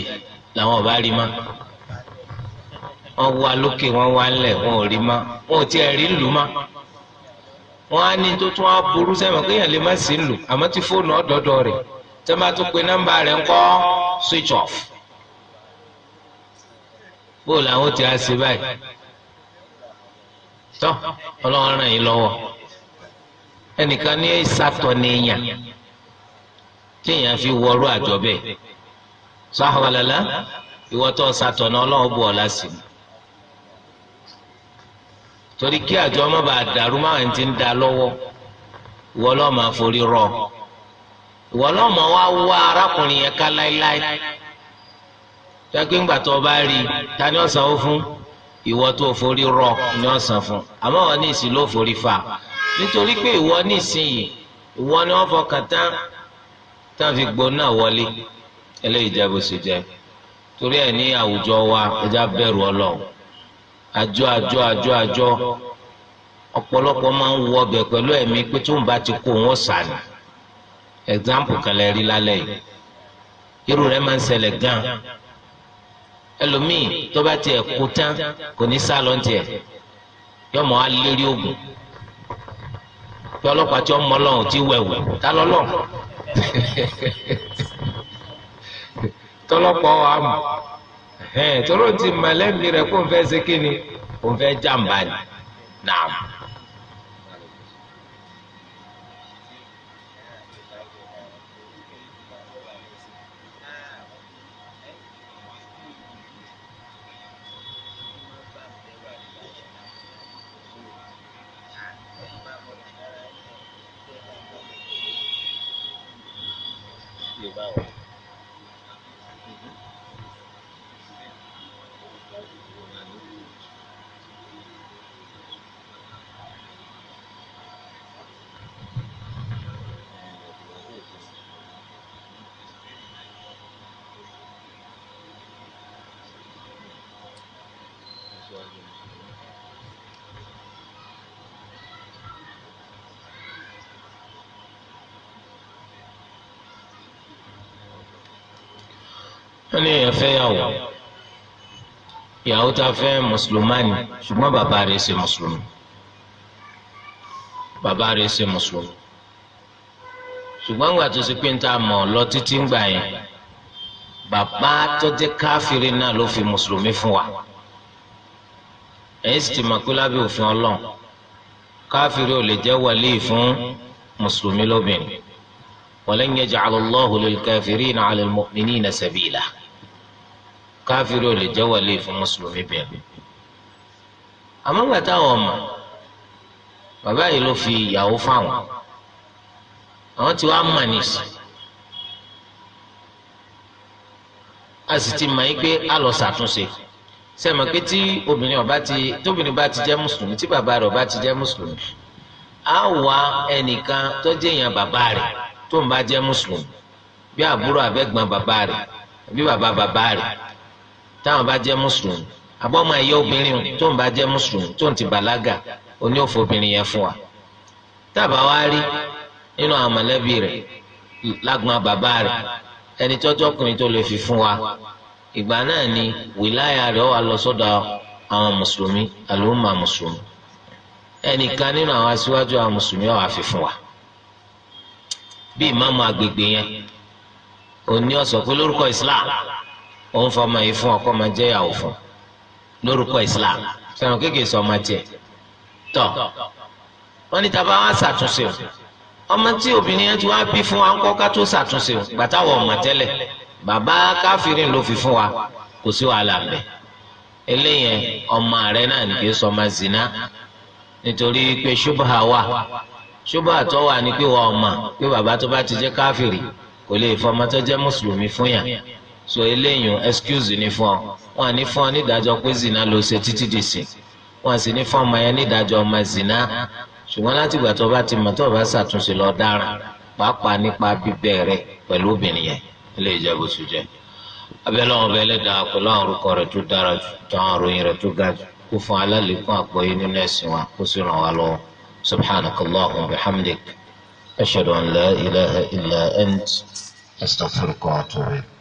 làwọn ọba rí ma wá lókè wọn wá ńlẹ̀ ò rí ma ò tiẹ̀ rí lù ma á tẹ́lẹ̀ tó pe nọ́mbà nkọ switch off bó làwọn ti ṣe báyìí tọ́ ọlọ́run ràn yín ẹnìkan ní ìsàtọ̀ ní èèyàn fi wọrú àjọ bù torí kí àjọ ọmọ bá dàrú máa ń ti ń da lọ́wọ́ ìwọ máa forí rọ ìwọ lọ́mọ wa wá arákùnrin yẹn ká láéláé tẹ́gbẹ́ ńgbà tó o bá rí i ta ni ó sanwó fún ìwọ tó forí rọ ni ó san fún àmọ́ wọn ní ìsìn ló forí fa nítorí pé ìwọ ní ìsìn yìí ìwọ ni wọ́n fọkàn tán tán fi gbóná wọlé eléyìí jẹ́ bó ṣe jẹ́ torí ẹ̀ ní àwùjọ wa ẹja bẹ̀rù ọlọ́run àjọ àjọ àjọ àjọ ọ̀pọ̀lọpọ̀ máa ń wọ ọbẹ̀ pẹ̀lú ẹ̀mí pé tóun bá ti kó wọn sàn ni example kan lè rí lálẹ́ yìí irú rẹ̀ máa ń ṣẹlẹ̀ gan ẹlòmíì tó bá tiẹ̀ kú tán kò ní sá lọ́n tiẹ̀ yọmọ alérí ogun tí ọlọ́pàá tí ọmọ ọlọ́run ti wẹ̀wù tá lọ́lọ́ (laughs) tọlọ́pàá wa mọ̀ tọ́lọ́ ti mọ̀lẹ́bí rẹ̀ kó n fẹ́ ṣe kí ni kó n fẹ́ jàǹbá ni nàá. wọ́n ní èèyàn fẹ́ yàwó ìyàwó tá a fẹ́ mùsùlùmáàni ṣùgbọ́n bàbá rẹ̀ ṣe mùsùlùmí bàbá rẹ̀ ṣe mùsùlùmí ṣùgbọ́n gbà tó ṣe pé ń ta mọ̀ lọ títí ń gbà yẹn bàbá tó jẹ́ káfíìrì náà ló fi mùsùlùmí fún wa ẹ̀yìn sì ti mọ̀ pé lábẹ́ òfin ọlọ́run káfíìrì ò lè jẹ́ wàlí fún mùsùlùmí lóbìnrin walan yaj'ala Allahu lil kafirina 'ala al mu'minina sabila káfíìrì ò lè jẹ́ wọlé fún mùsùlùmí bẹ́ẹ̀ àmọ́ ìgbà táwọn ọmọ bàbá yìí ló fi ìyàwó fáwọn àwọn tí wàá mà nìsí a sì ti mọ̀ yín pé a lọ ṣàtúnṣe sẹ́mi pé tí obìnrin ọba ti tóbìnrin bá ti jẹ́ mùsùlùmí tí bàbá rẹ̀ ọba ti jẹ́ mùsùlùmí á wá ẹnìkan tó jẹ́ èèyàn bàbá rẹ̀ tó ń bá jẹ́ mùsùlùmí bí àbúrò abẹ́gbọ́n bàbá rẹ̀ bí bàbá bàbá rẹ̀ táwọn bá jẹ́ mùsùlùmí àbọ̀ ọmọ ẹ̀yẹ obìnrin tó ń bá jẹ́ mùsùlùmí tó ń ti bàlágà oní òfò yẹn fún wa tábà wá rí nínú àwọn mọ̀lẹ́bí rẹ̀ lágbọn bàbá rẹ̀ ẹni tọ́jọ́ ọkùnrin tó lè fi fún wa ìgbà náà ni wìláyà rẹ̀ wà lọ sọ́dọ̀ àwọn mùsùlùmí àlùmọ̀ mùsùlùmí ẹnìkan nínú àwọn aṣíwájú àwọn mùsùlùmí wà fi fún wa bí ìmáàmù agbègbè yẹn òní ọ̀sọ̀ pé lórúkọ Islam. òun fọmọ yìí fún ọkọ máa jẹ́ ìyàwó fún lórúkọ islam sẹ́wọ̀n kéèké sọ ọmọ tiẹ̀ tọ̀ wọ́n ní taba wá ṣàtúnṣe o ọmọ tí obìnrin yẹn ti wá bí fún wa ń kọ́ ká tó ṣàtúnṣe o gbàtà wọ ọmọ tẹlẹ. bàbá káfírin ló fi fún wa kò sí wàhálà mbẹ eléyẹn ọmọ rẹ náà nìké zina nítorí pé ṣubha wà ṣubha tó wà ní pé wà ọmọ pé bàbá tó bá ti jẹ́ káfírin kò lè fọmọ tó mùsùlùmí fún so eléyìn excuse ní fún ọ wọn à ní fún ọ nídàájọ́ pé zina ló ṣe títí di sìn wọn à sì ní fún ọmọ yẹn nídàájọ́ ọmọ zina ṣùgbọ́n láti ìgbà tó bá ti mọ̀ tó bá ṣàtúnṣe lọ dára pàápàá nípa bíbẹ̀ rẹ̀ pẹ̀lú obìnrin yẹn ilé ìjẹbù sùn jẹ abẹ́lẹ́ wọn bẹ́ẹ̀ pẹ̀lú àwọn orúkọ rẹ̀ tó dára jù tó àwọn òròyìn rẹ̀ tó ga jù kó fún alálẹ́kùn àgbọ́yé nínú ẹ̀sìn wa kó sì ràn wá lọ́wọ́ subhanakallahumma wa bihamdik ashhadu an la ilaha illa ant astaghfiruka wa atubu